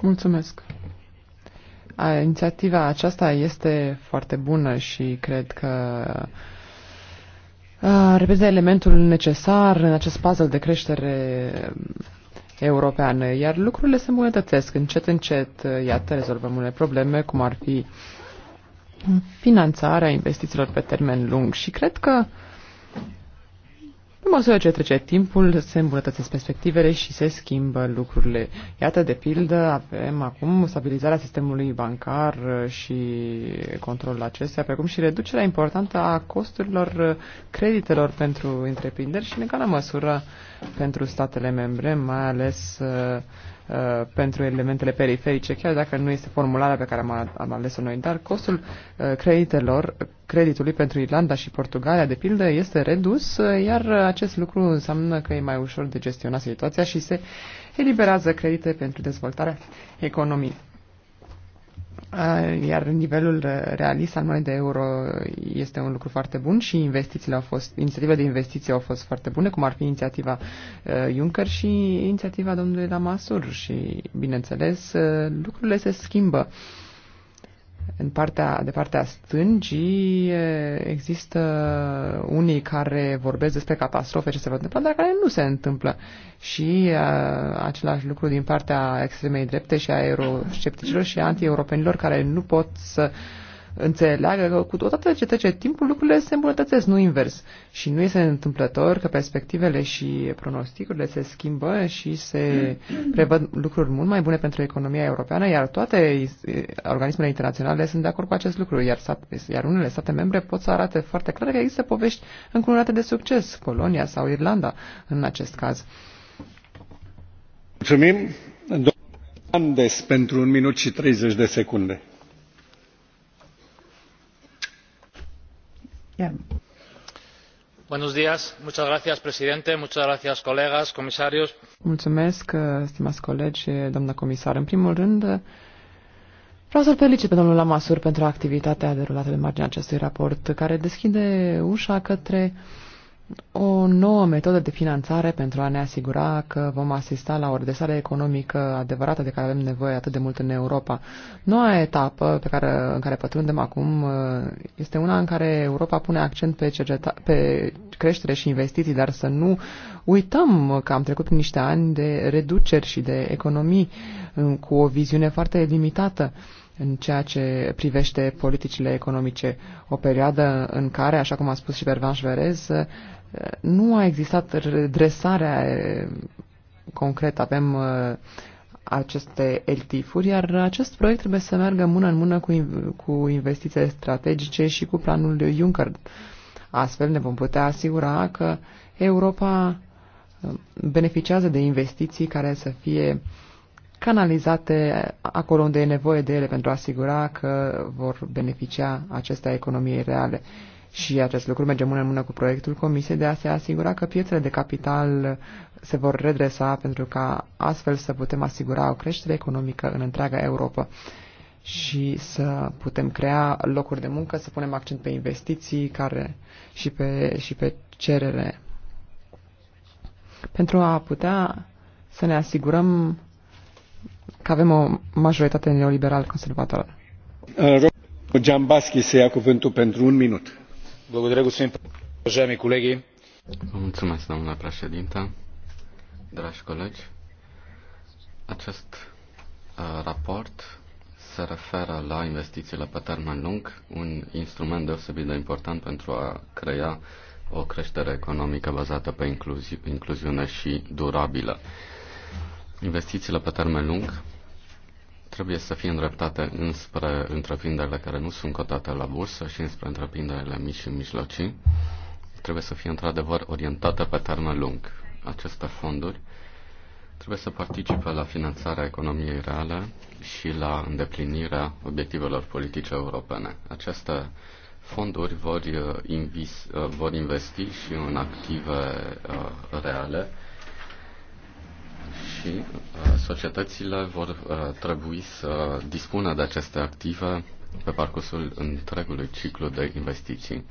Mulțumesc. Inițiativa aceasta este foarte bună și cred că reprezintă elementul necesar în acest puzzle de creștere europeană, iar lucrurile se îmbunătățesc încet, încet, iată, rezolvăm unele probleme, cum ar fi finanțarea investițiilor pe termen lung și cred că uh, măsură ce trece timpul, se îmbunătățesc perspectivele și se schimbă lucrurile. Iată, de pildă, avem acum stabilizarea sistemului bancar și controlul acestea, precum și reducerea importantă a costurilor creditelor pentru întreprinderi și, în egală măsură, pentru statele membre, mai ales uh, Uh, pentru elementele periferice, chiar dacă nu este formularea pe care am, am ales-o noi, dar costul uh, creditelor, creditului pentru Irlanda și Portugalia, de pildă, este redus, uh, iar acest lucru înseamnă că e mai ușor de gestionat situația și se eliberează credite pentru dezvoltarea economiei. Eh, iar nivelul realist al monedei euro este un lucru foarte bun și investițiile au fost, inițiativele de investiții au fost foarte bune, cum ar fi inițiativa eh, Juncker și inițiativa domnului Lamasur și, bineînțeles, eh, lucrurile se schimbă în partea, de partea stângii există unii care vorbesc despre catastrofe ce se vor întâmpla, dar care nu se întâmplă. Și uh, același lucru din partea extremei drepte și a euroscepticilor și a antieuropenilor care nu pot să uh, înțeleagă că cu toată ce trece timpul, lucrurile se îmbunătățesc, nu invers. Și nu este întâmplător că perspectivele și pronosticurile se schimbă și se prevăd lucruri mult mai bune pentru economia europeană, iar toate organismele internaționale sunt de acord cu acest lucru, iar, iar unele state membre pot să arate foarte clar că există povești încununate de succes, Polonia sau Irlanda în acest caz. Mulțumim. Domnul Andes pentru un minut și 30 de secunde Mulțumesc, președinte, mulțumesc, comisarios. Mulțumesc, uh, comisar. În primul rând, uh, Vreau să îl felicit pe domnul Lamassoure pentru activitatea derulată de marginea acestui raport, care deschide ușa către o nouă metodă de finanțare pentru a ne asigura că vom asista la o redresare economică adevărată de care avem nevoie atât de mult în Europa. Noua etapă pe care, în care pătrundem acum uh, este una în care Europa pune accent pe, cerceta, pe creștere și investiții, dar să nu uităm că am trecut prin niște ani de reduceri și de economii uh, cu o viziune foarte limitată în ceea ce privește politicile economice. O perioadă în care, așa cum a spus și Bervan Șverez, nu a existat redresarea concretă. Avem aceste LT-uri, iar acest proiect trebuie să meargă mână în mână cu, cu investiții strategice și cu planul de Juncker. Astfel ne vom putea asigura că Europa beneficiază de investiții care să fie canalizate acolo unde e nevoie de ele pentru a asigura că vor beneficia acestea economiei reale. Și acest lucru merge mână în mână cu proiectul Comisiei de a se asigura că piețele de capital se vor redresa pentru ca astfel să putem asigura o creștere economică în întreaga Europa și să putem crea locuri de muncă, să punem accent pe investiții care, și, pe, și pe cerere. Pentru a putea să ne asigurăm că avem o majoritate neoliberal-conservatoare. Jambaski se ia cuvântul pentru un minut. Vă mulțumesc, domnule președinte, dragi colegi. Acest uh, raport se referă la investițiile pe termen lung, un instrument deosebit de important pentru a crea o creștere economică bazată pe incluzi- incluziune și durabilă. Investițiile pe termen lung trebuie să fie îndreptate înspre întreprinderile care nu sunt cotate la bursă și înspre întreprinderile mici și mijlocii. Trebuie să fie într-adevăr orientate pe termen lung. Aceste fonduri trebuie să participe la finanțarea economiei reale și la îndeplinirea obiectivelor politice europene. Aceste fonduri vor, eh, invis, eh, vor investi și în active eh, reale și uh, societățile vor uh, trebui să dispună de aceste active pe parcursul întregului ciclu de investiții.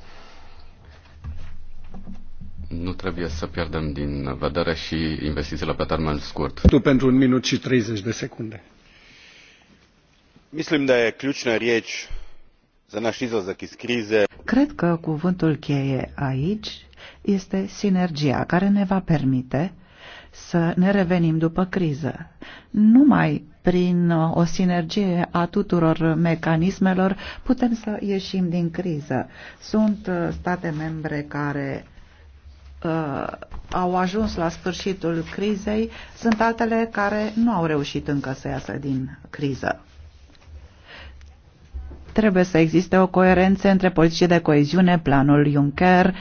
Nu trebuie să pierdem din vedere și investițiile pe termen scurt. Tu pentru un minut și 30 de secunde. Mislim de je ključna za naš izlazak iz krize. Cred că cuvântul cheie aici este sinergia care ne va permite să ne revenim după criză. Numai prin uh, o sinergie a tuturor mecanismelor putem să ieșim din criză. Sunt uh, state membre care uh, au ajuns la sfârșitul crizei, sunt altele care nu au reușit încă să iasă din criză trebuie să existe o coerență între politicii de coeziune, planul Juncker,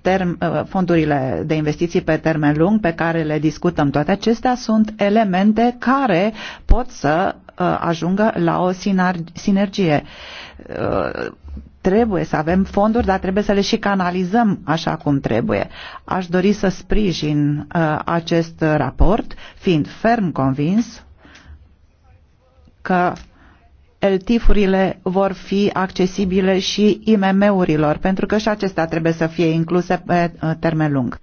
term, uh, fondurile de investiții pe termen lung pe care le discutăm, toate acestea sunt elemente care pot să uh, ajungă la o sinergie. Uh, trebuie să avem fonduri, dar trebuie să le și canalizăm așa cum trebuie. Aș dori să sprijin acest raport, fiind ferm convins că LTIF-urile vor fi accesibile și IMM-urilor, pentru că și acestea trebuie să fie incluse pe uh, termen lung.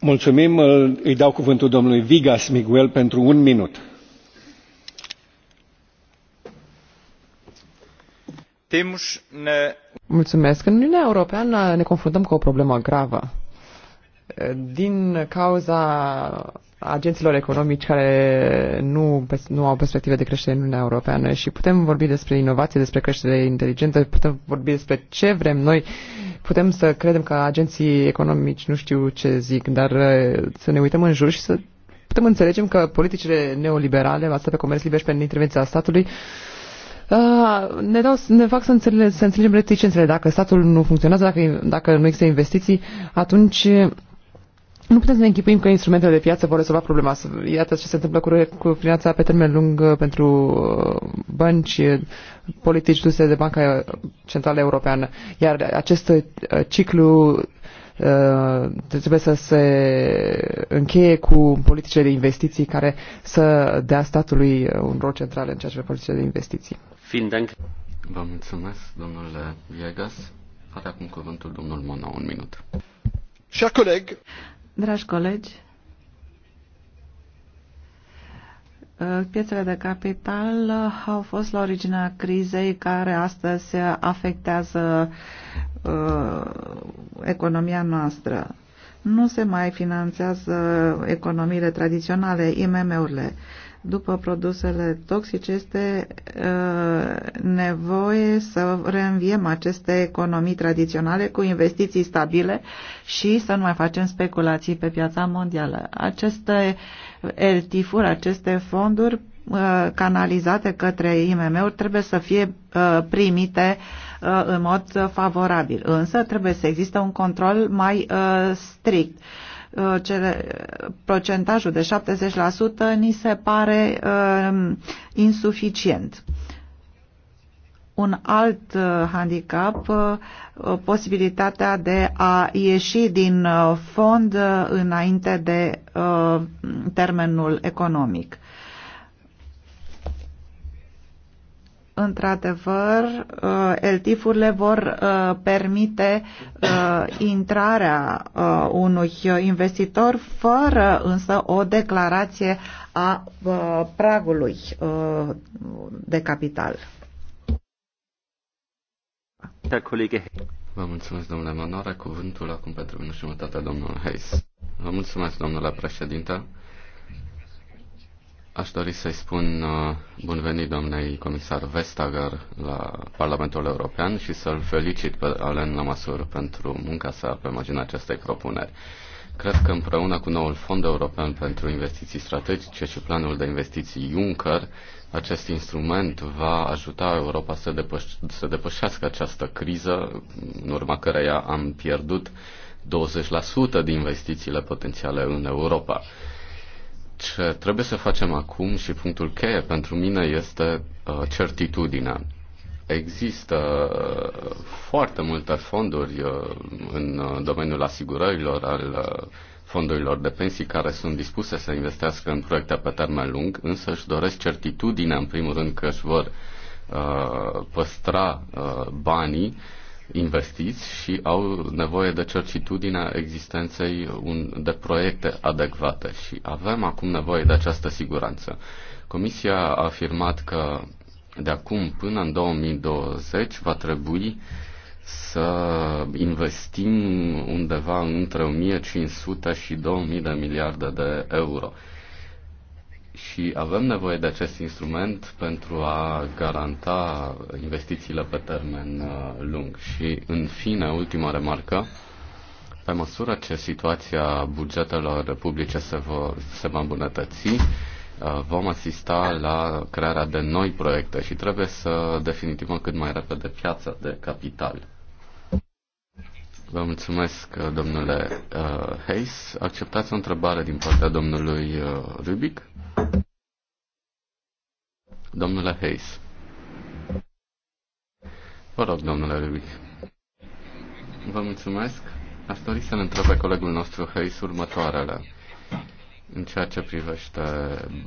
Mulțumim. Îi dau cuvântul domnului Vigas Miguel pentru un minut. Mulțumesc. În Uniunea Europeană ne confruntăm cu o problemă gravă din cauza agenților economici care nu, nu au perspective de creștere în Uniunea Europeană și putem vorbi despre inovație, despre creștere inteligentă, putem vorbi despre ce vrem noi, putem să credem că agenții economici nu știu ce zic, dar uh, să ne uităm în jur și să putem înțelegem că politicile neoliberale, asta pe comerț liber și pe intervenția statului, uh, ne, dau, ne fac să, înțele, să înțelegem reticențele. Dacă statul nu funcționează, dacă, dacă nu există investiții, atunci nu putem să ne închipuim că instrumentele de piață vor rezolva problema. Iată ce se întâmplă cu, finanța pe termen lung uh, pentru uh, bănci, uh, politici duse de Banca Centrală Europeană. Iar acest ciclu trebuie să se încheie cu politicile de investiții care să dea statului un rol central în ceea ce politicile de investiții. Fiind Vă mulțumesc, domnule Viegas. Are acum cuvântul domnul Mona, un minut. Chers collègues, Dragi colegi, uh, piețele de capital uh, au fost la originea crizei care astăzi afectează uh, economia noastră. Nu se mai finanțează economiile tradiționale, IMM-urile. Uh, după produsele toxice este uh, nevoie să reînviem aceste economii tradiționale cu investiții stabile și să nu mai facem speculații pe piața mondială. Aceste LTIF-uri, aceste fonduri uh, canalizate către IMM-uri trebuie să fie uh, primite în mod favorabil. Însă trebuie să existe un control mai strict Uh, cele, procentajul de 70% ni se pare uh, insuficient. Un alt uh, handicap, uh, uh, posibilitatea de a ieși din uh, fond uh, înainte de uh, termenul economic. într-adevăr, uh, LTIF-urile vor uh, permite uh, intrarea unui investitor fără însă o declarație a pragului de capital. Vă mulțumesc, domnule Manora. Cuvântul acum pentru minut jumătate, domnul Hayes. Vă mulțumesc, domnule președinte. Aș dori să-i spun uh, bun venit domnei comisar Vestager la Parlamentul European și să-l felicit pe Alen Lamasur pentru munca sa pe marginea acestei propuneri. Cred că împreună cu noul Fond European pentru Investiții Strategice și planul de investiții Juncker, acest instrument va ajuta Europa să, depăș- să depășească această criză, în urma căreia am pierdut 20% din investițiile potențiale în Europa ce trebuie să facem acum și punctul cheie pentru mine este uh, certitudinea. Există uh, foarte multe fonduri uh, în uh, domeniul asigurărilor, al uh, fondurilor de pensii care sunt dispuse să investească în proiecte pe termen lung, însă își doresc certitudinea, în primul rând, că își vor uh, păstra uh, banii investiți și au nevoie de certitudinea existenței un, de proiecte adecvate și avem acum nevoie de această siguranță. Comisia a afirmat că de acum până în 2020 va trebui să investim undeva între 1500 și 2000 de miliarde de euro și avem nevoie de acest instrument pentru a garanta investițiile pe termen uh, lung. Și, în fine, ultima remarcă. Pe măsură ce situația bugetelor publice se, va se va îmbunătăți, uh, vom asista la crearea de noi proiecte și trebuie să definitivăm cât mai repede piața de capital. Vă mulțumesc, domnule uh, Hayes. Acceptați o întrebare din partea domnului uh, Rubic? Domnule Hayes. Vă rog, domnule Rubic. Vă mulțumesc. Aș dori să-l întreb colegul nostru Hayes următoarele. În ceea ce privește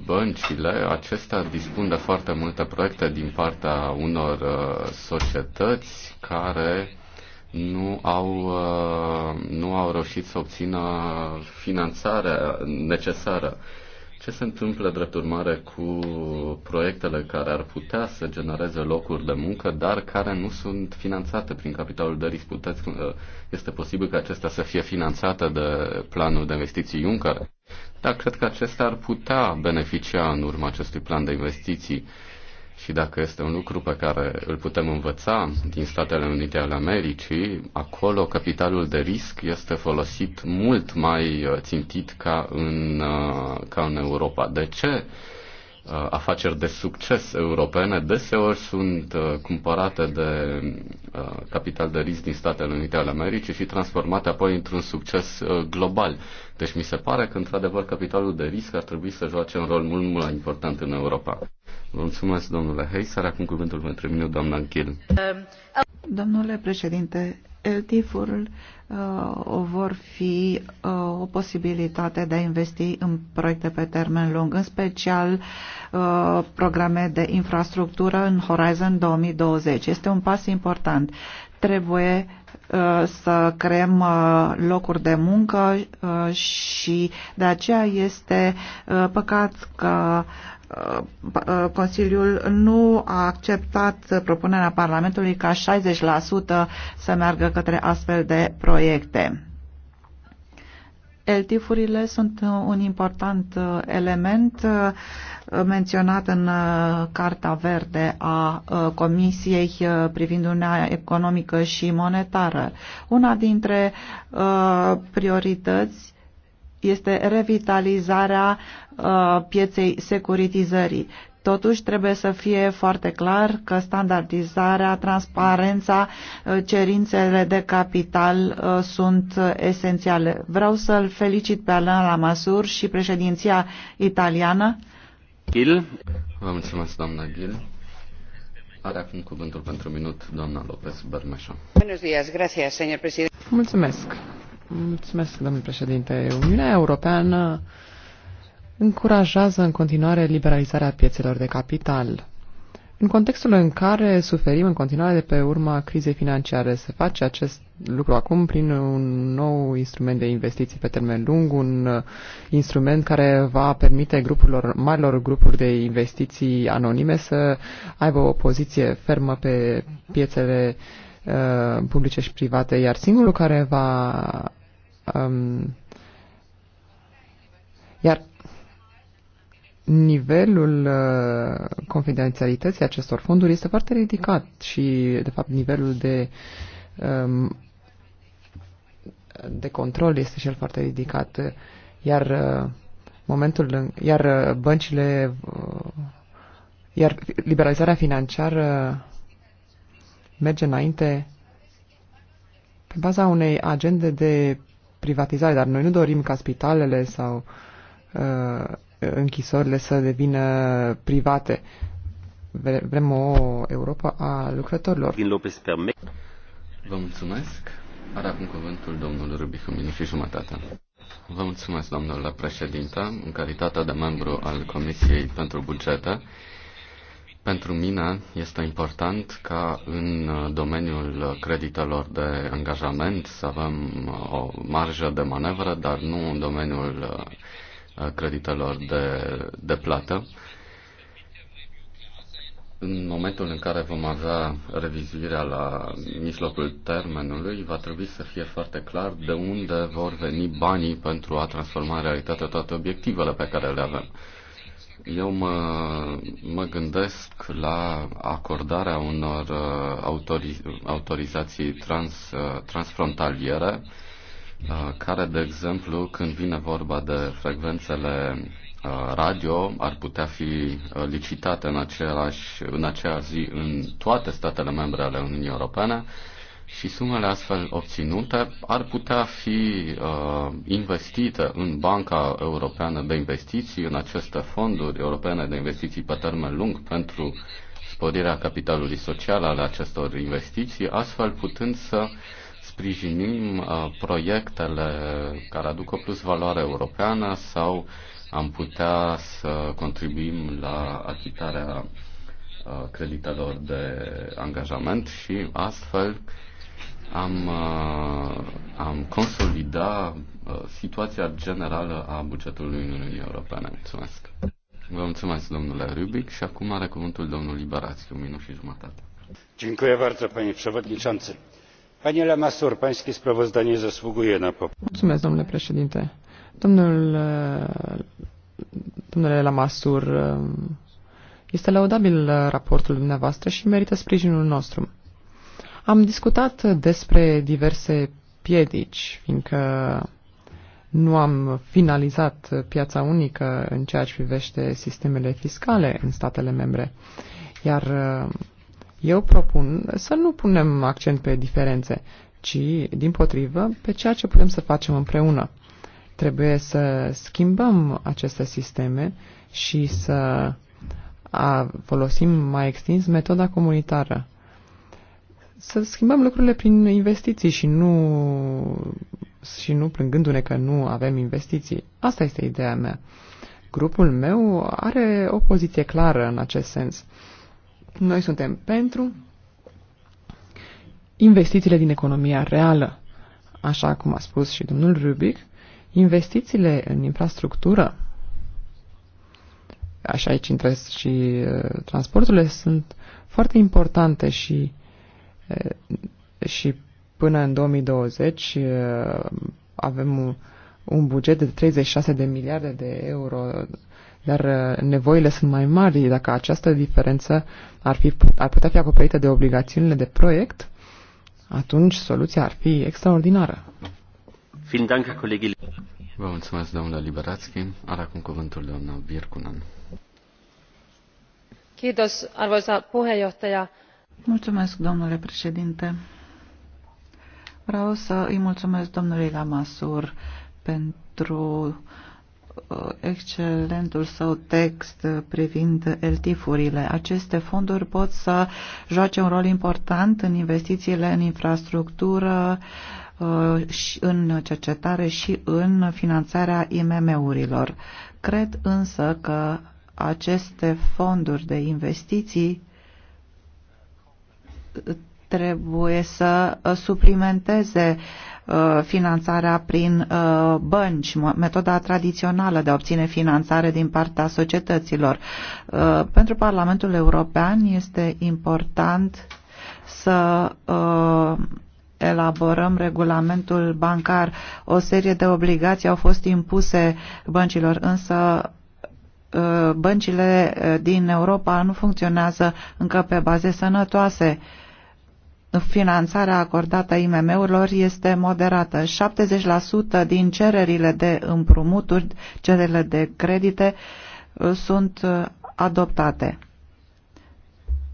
băncile, acestea dispun de foarte multe proiecte din partea unor uh, societăți care nu au, uh, nu au reușit să obțină finanțarea necesară. Ce se întâmplă, drept urmare, cu proiectele care ar putea să genereze locuri de muncă, dar care nu sunt finanțate prin capitalul de risc? Puteți, uh, este posibil ca acestea să fie finanțate de planul de investiții Juncker? Dar cred că acestea ar putea beneficia în urma acestui plan de investiții și dacă este un lucru pe care îl putem învăța din Statele Unite ale Americii, acolo capitalul de risc este folosit mult mai uh, țintit ca în, uh, ca în Europa. De ce uh, afaceri de succes europene deseori sunt cumpărate de capital de risc din Statele Unite ale Americii și transformate apoi într-un succes global. Deci mi se pare că, într-adevăr, capitalul de risc ar trebui să joace un rol mult, mult mai important în Europa. Mulțumesc, domnule Heisar. Acum cuvântul pentru mine, doamna Închil. Domnule președinte, LTIF-ul uh, vor fi uh, o posibilitate de a investi în proiecte pe termen lung, în special uh, programe de infrastructură în Horizon 2020. Este un pas important. Trebuie uh, să creăm uh, locuri de muncă uh, și de aceea este păcat că Uh, Consiliul nu a acceptat propunerea Parlamentului ca 60% să meargă către astfel de proiecte. LTIF-urile sunt un important uh, element uh, menționat în Carta Verde a Comisiei privind Uniunea Economică și Monetară. Una dintre priorități este revitalizarea uh, pieței securitizării. Totuși trebuie să fie foarte clar că standardizarea, transparența, uh, cerințele de capital uh, sunt esențiale. Vreau să-l felicit pe Alain Lamassur și președinția italiană. Gil. Vă mulțumesc, doamna Gil. Are acum cuvântul pentru minut doamna López Bărmeșa. Mulțumesc. Mulțumesc, domnule președinte. Uniunea Europeană încurajează în continuare liberalizarea piețelor de capital. În contextul în care suferim în continuare de pe urma crizei financiare, se face acest lucru acum prin un nou instrument de investiții pe termen lung, un instrument care va permite grupurilor, marilor grupuri de investiții anonime să aibă o poziție fermă pe piețele uh, publice și private, iar singurul care va Um, iar nivelul uh, confidențialității acestor fonduri este foarte ridicat și, de fapt, nivelul de, um, de control este și el foarte ridicat. Iar uh, momentul, iar uh, băncile, uh, iar liberalizarea financiară merge înainte pe baza unei agende de privatizare, dar noi nu dorim ca spitalele sau uh, închisorile să devină private. Vrem o Europa a lucrătorilor. Din Lopez Vă mulțumesc. Are acum cuvântul domnul Rubic, un minut și jumătate. Vă mulțumesc, la președinte, în calitatea de membru al Comisiei pentru Bugete. Pentru mine este important ca în domeniul creditelor de angajament să avem uh, o marjă de manevră, dar nu în domeniul uh, creditelor de, de plată. În momentul în care vom avea revizuirea la mijlocul termenului, va trebui să fie foarte clar de unde vor veni banii pentru a transforma în realitate toate obiectivele pe care le avem. Eu mă, mă gândesc la acordarea unor uh, autori, autorizații trans, uh, transfrontaliere, uh, care, de exemplu, când vine vorba de frecvențele radio, ar putea fi licitate în, același, în acea zi în toate statele membre ale Uniunii Europene, și sumele astfel obținute ar putea fi uh, investite în Banca Europeană de Investiții, în aceste fonduri europene de investiții pe termen lung pentru sporirea capitalului social al acestor investiții, astfel putând să sprijinim uh, proiectele care aduc o plus valoare europeană sau am putea să contribuim la achitarea uh, creditelor de angajament și astfel uh, am, uh, am consolidat uh, situația generală a bugetului Uniunii Europene. Mulțumesc. Vă mulțumesc, domnule Rubic, și acum are cuvântul domnul Liberațchi, un minut și jumătate. Dziękuję bardzo, panie przewodniczący. Panie Lamassur, pańskie sprawozdanie zasługuje na poparcie. Mulțumesc, domnule președinte. Uh, domnule, domnule Lamassur, um, este laudabil uh, raportul dumneavoastră și merită sprijinul nostru. Am discutat despre diverse piedici, fiindcă nu am finalizat piața unică în ceea ce privește sistemele fiscale în statele membre. Iar uh, eu propun să nu punem accent pe diferențe, ci, din potrivă, pe ceea ce putem să facem împreună. Trebuie să schimbăm aceste sisteme și să folosim mai extins metoda comunitară să schimbăm lucrurile prin investiții și nu, și nu plângându-ne că nu avem investiții. Asta este ideea mea. Grupul meu are o poziție clară în acest sens. Noi suntem pentru investițiile din economia reală, așa cum a spus și domnul Rubic, investițiile în infrastructură, așa aici intră și uh, transporturile, sunt foarte importante și și până în 2020 uh, avem un buget de 36 de miliarde de euro, dar uh, nevoile sunt mai mari. Dacă această diferență ar, fi, ar putea fi acoperită de obligațiunile de proiect, atunci soluția ar fi extraordinară. Vă mulțumesc, domnule Liberațchi. Are acum cuvântul doamna Virkunan. Kiitos, arvoisa puheenjohtaja. Mulțumesc, domnule președinte. Vreau să îi mulțumesc domnului Lamasur pentru uh, excelentul său text privind eltifurile. urile Aceste fonduri pot să joace un rol important în investițiile în infrastructură, uh, în cercetare și în finanțarea IMM-urilor. Cred însă că aceste fonduri de investiții trebuie să uh, suplimenteze uh, finanțarea prin uh, bănci, metoda tradițională de a obține finanțare din partea societăților. Pentru Parlamentul European este important să elaborăm regulamentul bancar. O serie de obligații au fost impuse băncilor, însă Uh, băncile uh, din Europa nu funcționează încă pe baze sănătoase. Finanțarea acordată IMM-urilor este moderată. 70% din cererile de împrumuturi, cererile de credite uh, sunt adoptate.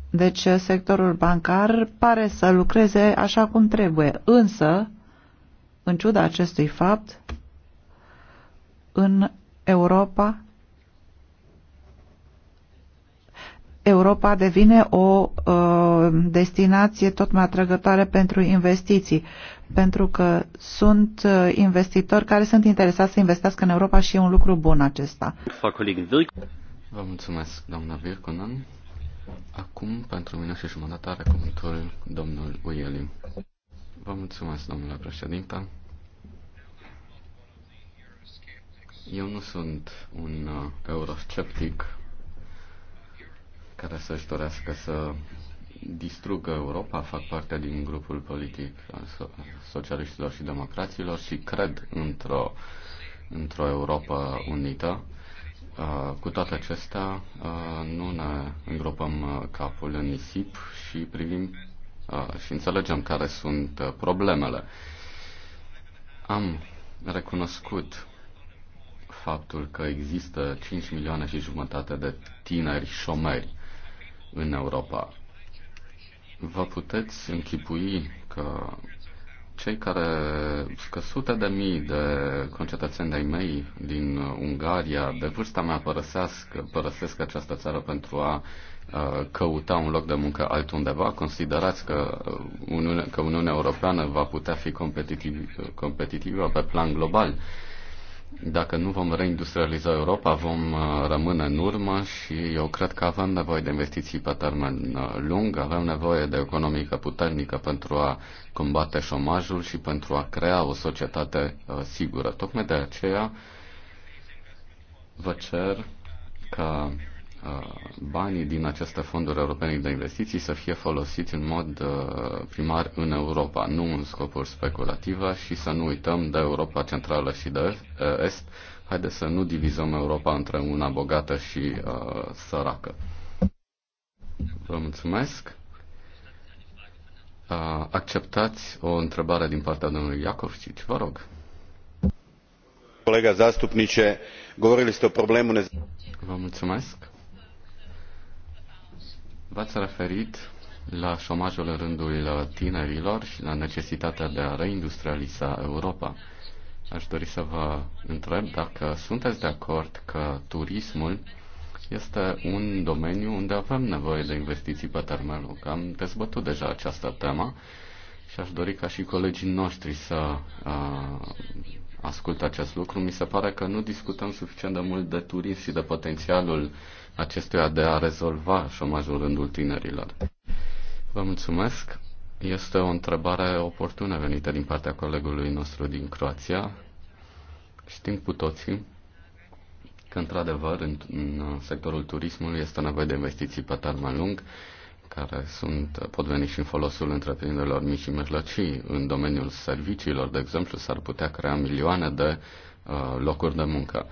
Deci sectorul bancar pare să lucreze așa cum trebuie, însă, în ciuda acestui fapt, în Europa Europa devine o uh, destinație tot mai atrăgătoare pentru investiții, pentru că sunt uh, investitori care sunt interesați să investească în Europa și e un lucru bun acesta. Vă mulțumesc, doamna Virconan. Acum, pentru mine și jumătate, are cuvântul domnul Uieli. Vă mulțumesc, domnule președinte. Eu nu sunt un uh, eurosceptic, care să-și dorească să distrugă Europa, fac parte din grupul politic al socialiștilor și democraților și cred într-o, într-o Europa unită. Uh, cu toate acestea, uh, nu ne îngropăm uh, capul în nisip și privim și înțelegem care sunt problemele. Am recunoscut faptul că există 5 milioane și jumătate de tineri șomeri în Europa. Vă puteți închipui că cei care, că sute de mii de concetățeni de-ai mei din Ungaria, de vârsta mea, părăsesc, părăsesc această țară pentru a căuta un loc de muncă altundeva? Considerați că Uniunea, că Uniunea Europeană va putea fi competitiv, competitivă pe plan global? Dacă nu vom reindustrializa Europa, vom uh, rămâne în urmă și eu cred că avem nevoie de investiții pe termen uh, lung, avem nevoie de economică puternică pentru a combate șomajul și pentru a crea o societate uh, sigură. Tocmai de aceea vă cer ca Uh, banii din aceste fonduri europene de investiții să fie folosiți în mod uh, primar în Europa, nu în scopuri speculative și să nu uităm de Europa Centrală și de uh, Est. Haideți să nu divizăm Europa între una bogată și uh, săracă. Vă mulțumesc. Uh, acceptați o întrebare din partea domnului Iacovcici, vă rog. Colega zastupnice, govorili ste o problemu... Vă mulțumesc. V-ați referit la șomajul în rândul uh, tinerilor și la necesitatea de a reindustrializa Europa. Aș dori să vă întreb dacă sunteți de acord că turismul este un domeniu unde avem nevoie de investiții pe termen lung. Am dezbătut deja această temă și aș dori ca și colegii noștri să uh, asculte acest lucru. Mi se pare că nu discutăm suficient de mult de turism și de potențialul uh, acestuia de a rezolva șomajul rândul tinerilor. Vă mulțumesc. Este o întrebare oportună venită din partea colegului nostru din Croația. Știm cu toții că, într-adevăr, în, în sectorul turismului este nevoie de investiții pe termen lung, care sunt, pot veni și în folosul întreprinderilor mici și mijlocii. În domeniul serviciilor, de exemplu, s-ar putea crea milioane de uh, locuri de muncă. Uh,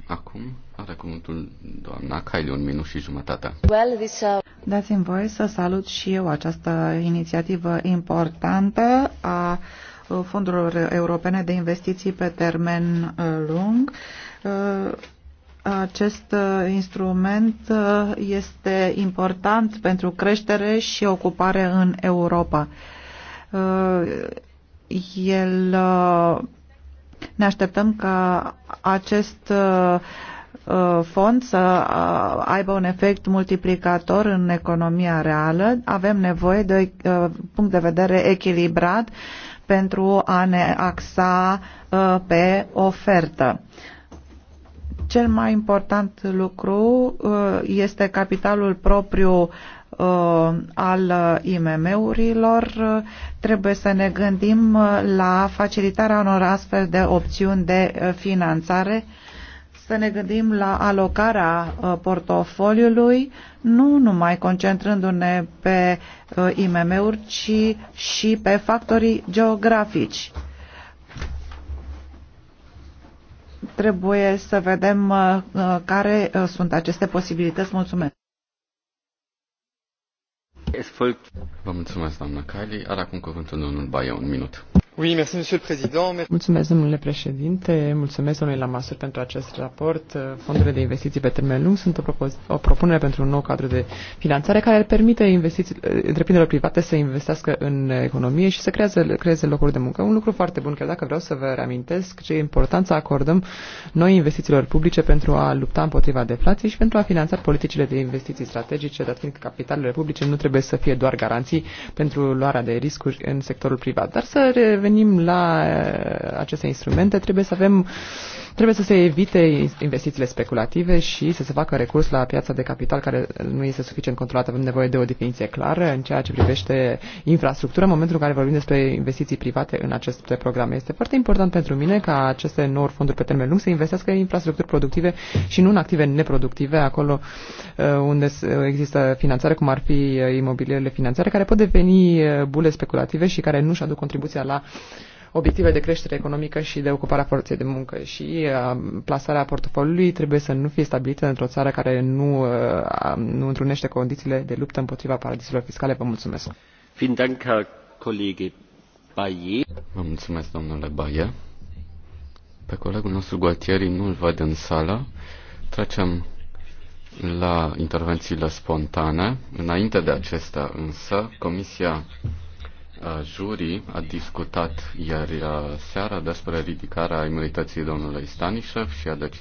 Acum are cuvântul doamna Caile, un minut și jumătate. Well, this, uh... Dați-mi voie să salut și eu această inițiativă importantă a fondurilor europene de investiții pe termen uh, lung. Uh, acest uh, instrument este important pentru creștere și ocupare în Europa. El ne așteptăm ca acest uh, uh, fond să uh, aibă un efect multiplicator în economia reală. Avem nevoie de punct de vedere echilibrat pentru a ne axa pe ofertă. Cel mai important lucru este capitalul propriu Uh, al IMM-urilor, trebuie să ne gândim la facilitarea unor astfel de opțiuni de uh, finanțare, să ne gândim la alocarea uh, portofoliului, nu numai concentrându-ne pe IMM-uri, ci și pe factorii geografici. Trebuie să vedem care sunt aceste posibilități. Mulțumesc! Vă mulțumesc, doamnă Kylie. Are acum cuvântul domnul Baie, un minut. Oui, merci, monsieur le président. Mulțumesc, domnule președinte, mulțumesc domnului Lamasur pentru acest raport. Fondurile de investiții pe termen lung sunt o, o propunere pentru un nou cadru de finanțare care permite întreprinderilor private să investească în economie și să creeze, creeze locuri de muncă. Un lucru foarte bun, chiar dacă vreau să vă reamintesc ce importanță acordăm noi investițiilor publice pentru a lupta împotriva deflației și pentru a finanța politicile de investiții strategice, dat fiindcă capitalele publice nu trebuie să fie doar garanții pentru luarea de riscuri în sectorul privat, dar să revenim la uh, aceste instrumente, trebuie să avem Trebuie să se evite investițiile speculative și să se facă recurs la piața de capital care nu este suficient controlată. Avem nevoie de o definiție clară în ceea ce privește infrastructura. În momentul în care vorbim despre investiții private în aceste programe, este foarte important pentru mine ca aceste noi fonduri pe termen lung să investească în infrastructuri productive și nu în active neproductive, acolo uh, unde există finanțare, cum ar fi uh, imobilierele finanțare, care pot deveni uh, bule speculative și care nu-și aduc contribuția la obiective de creștere economică și de ocuparea forței de muncă și uh, plasarea portofoliului trebuie să nu fie stabilită într-o țară care nu, uh, nu întrunește condițiile de luptă împotriva paradisurilor fiscale. Vă mulțumesc. Vă mulțumesc, domnule Baie. Pe colegul nostru Gualtieri nu-l văd în sală. Trecem la intervențiile spontane. Înainte de acestea, însă, Comisia jurii a discutat ieri uh, seara despre ridicarea imunității domnului Stanișev și a decis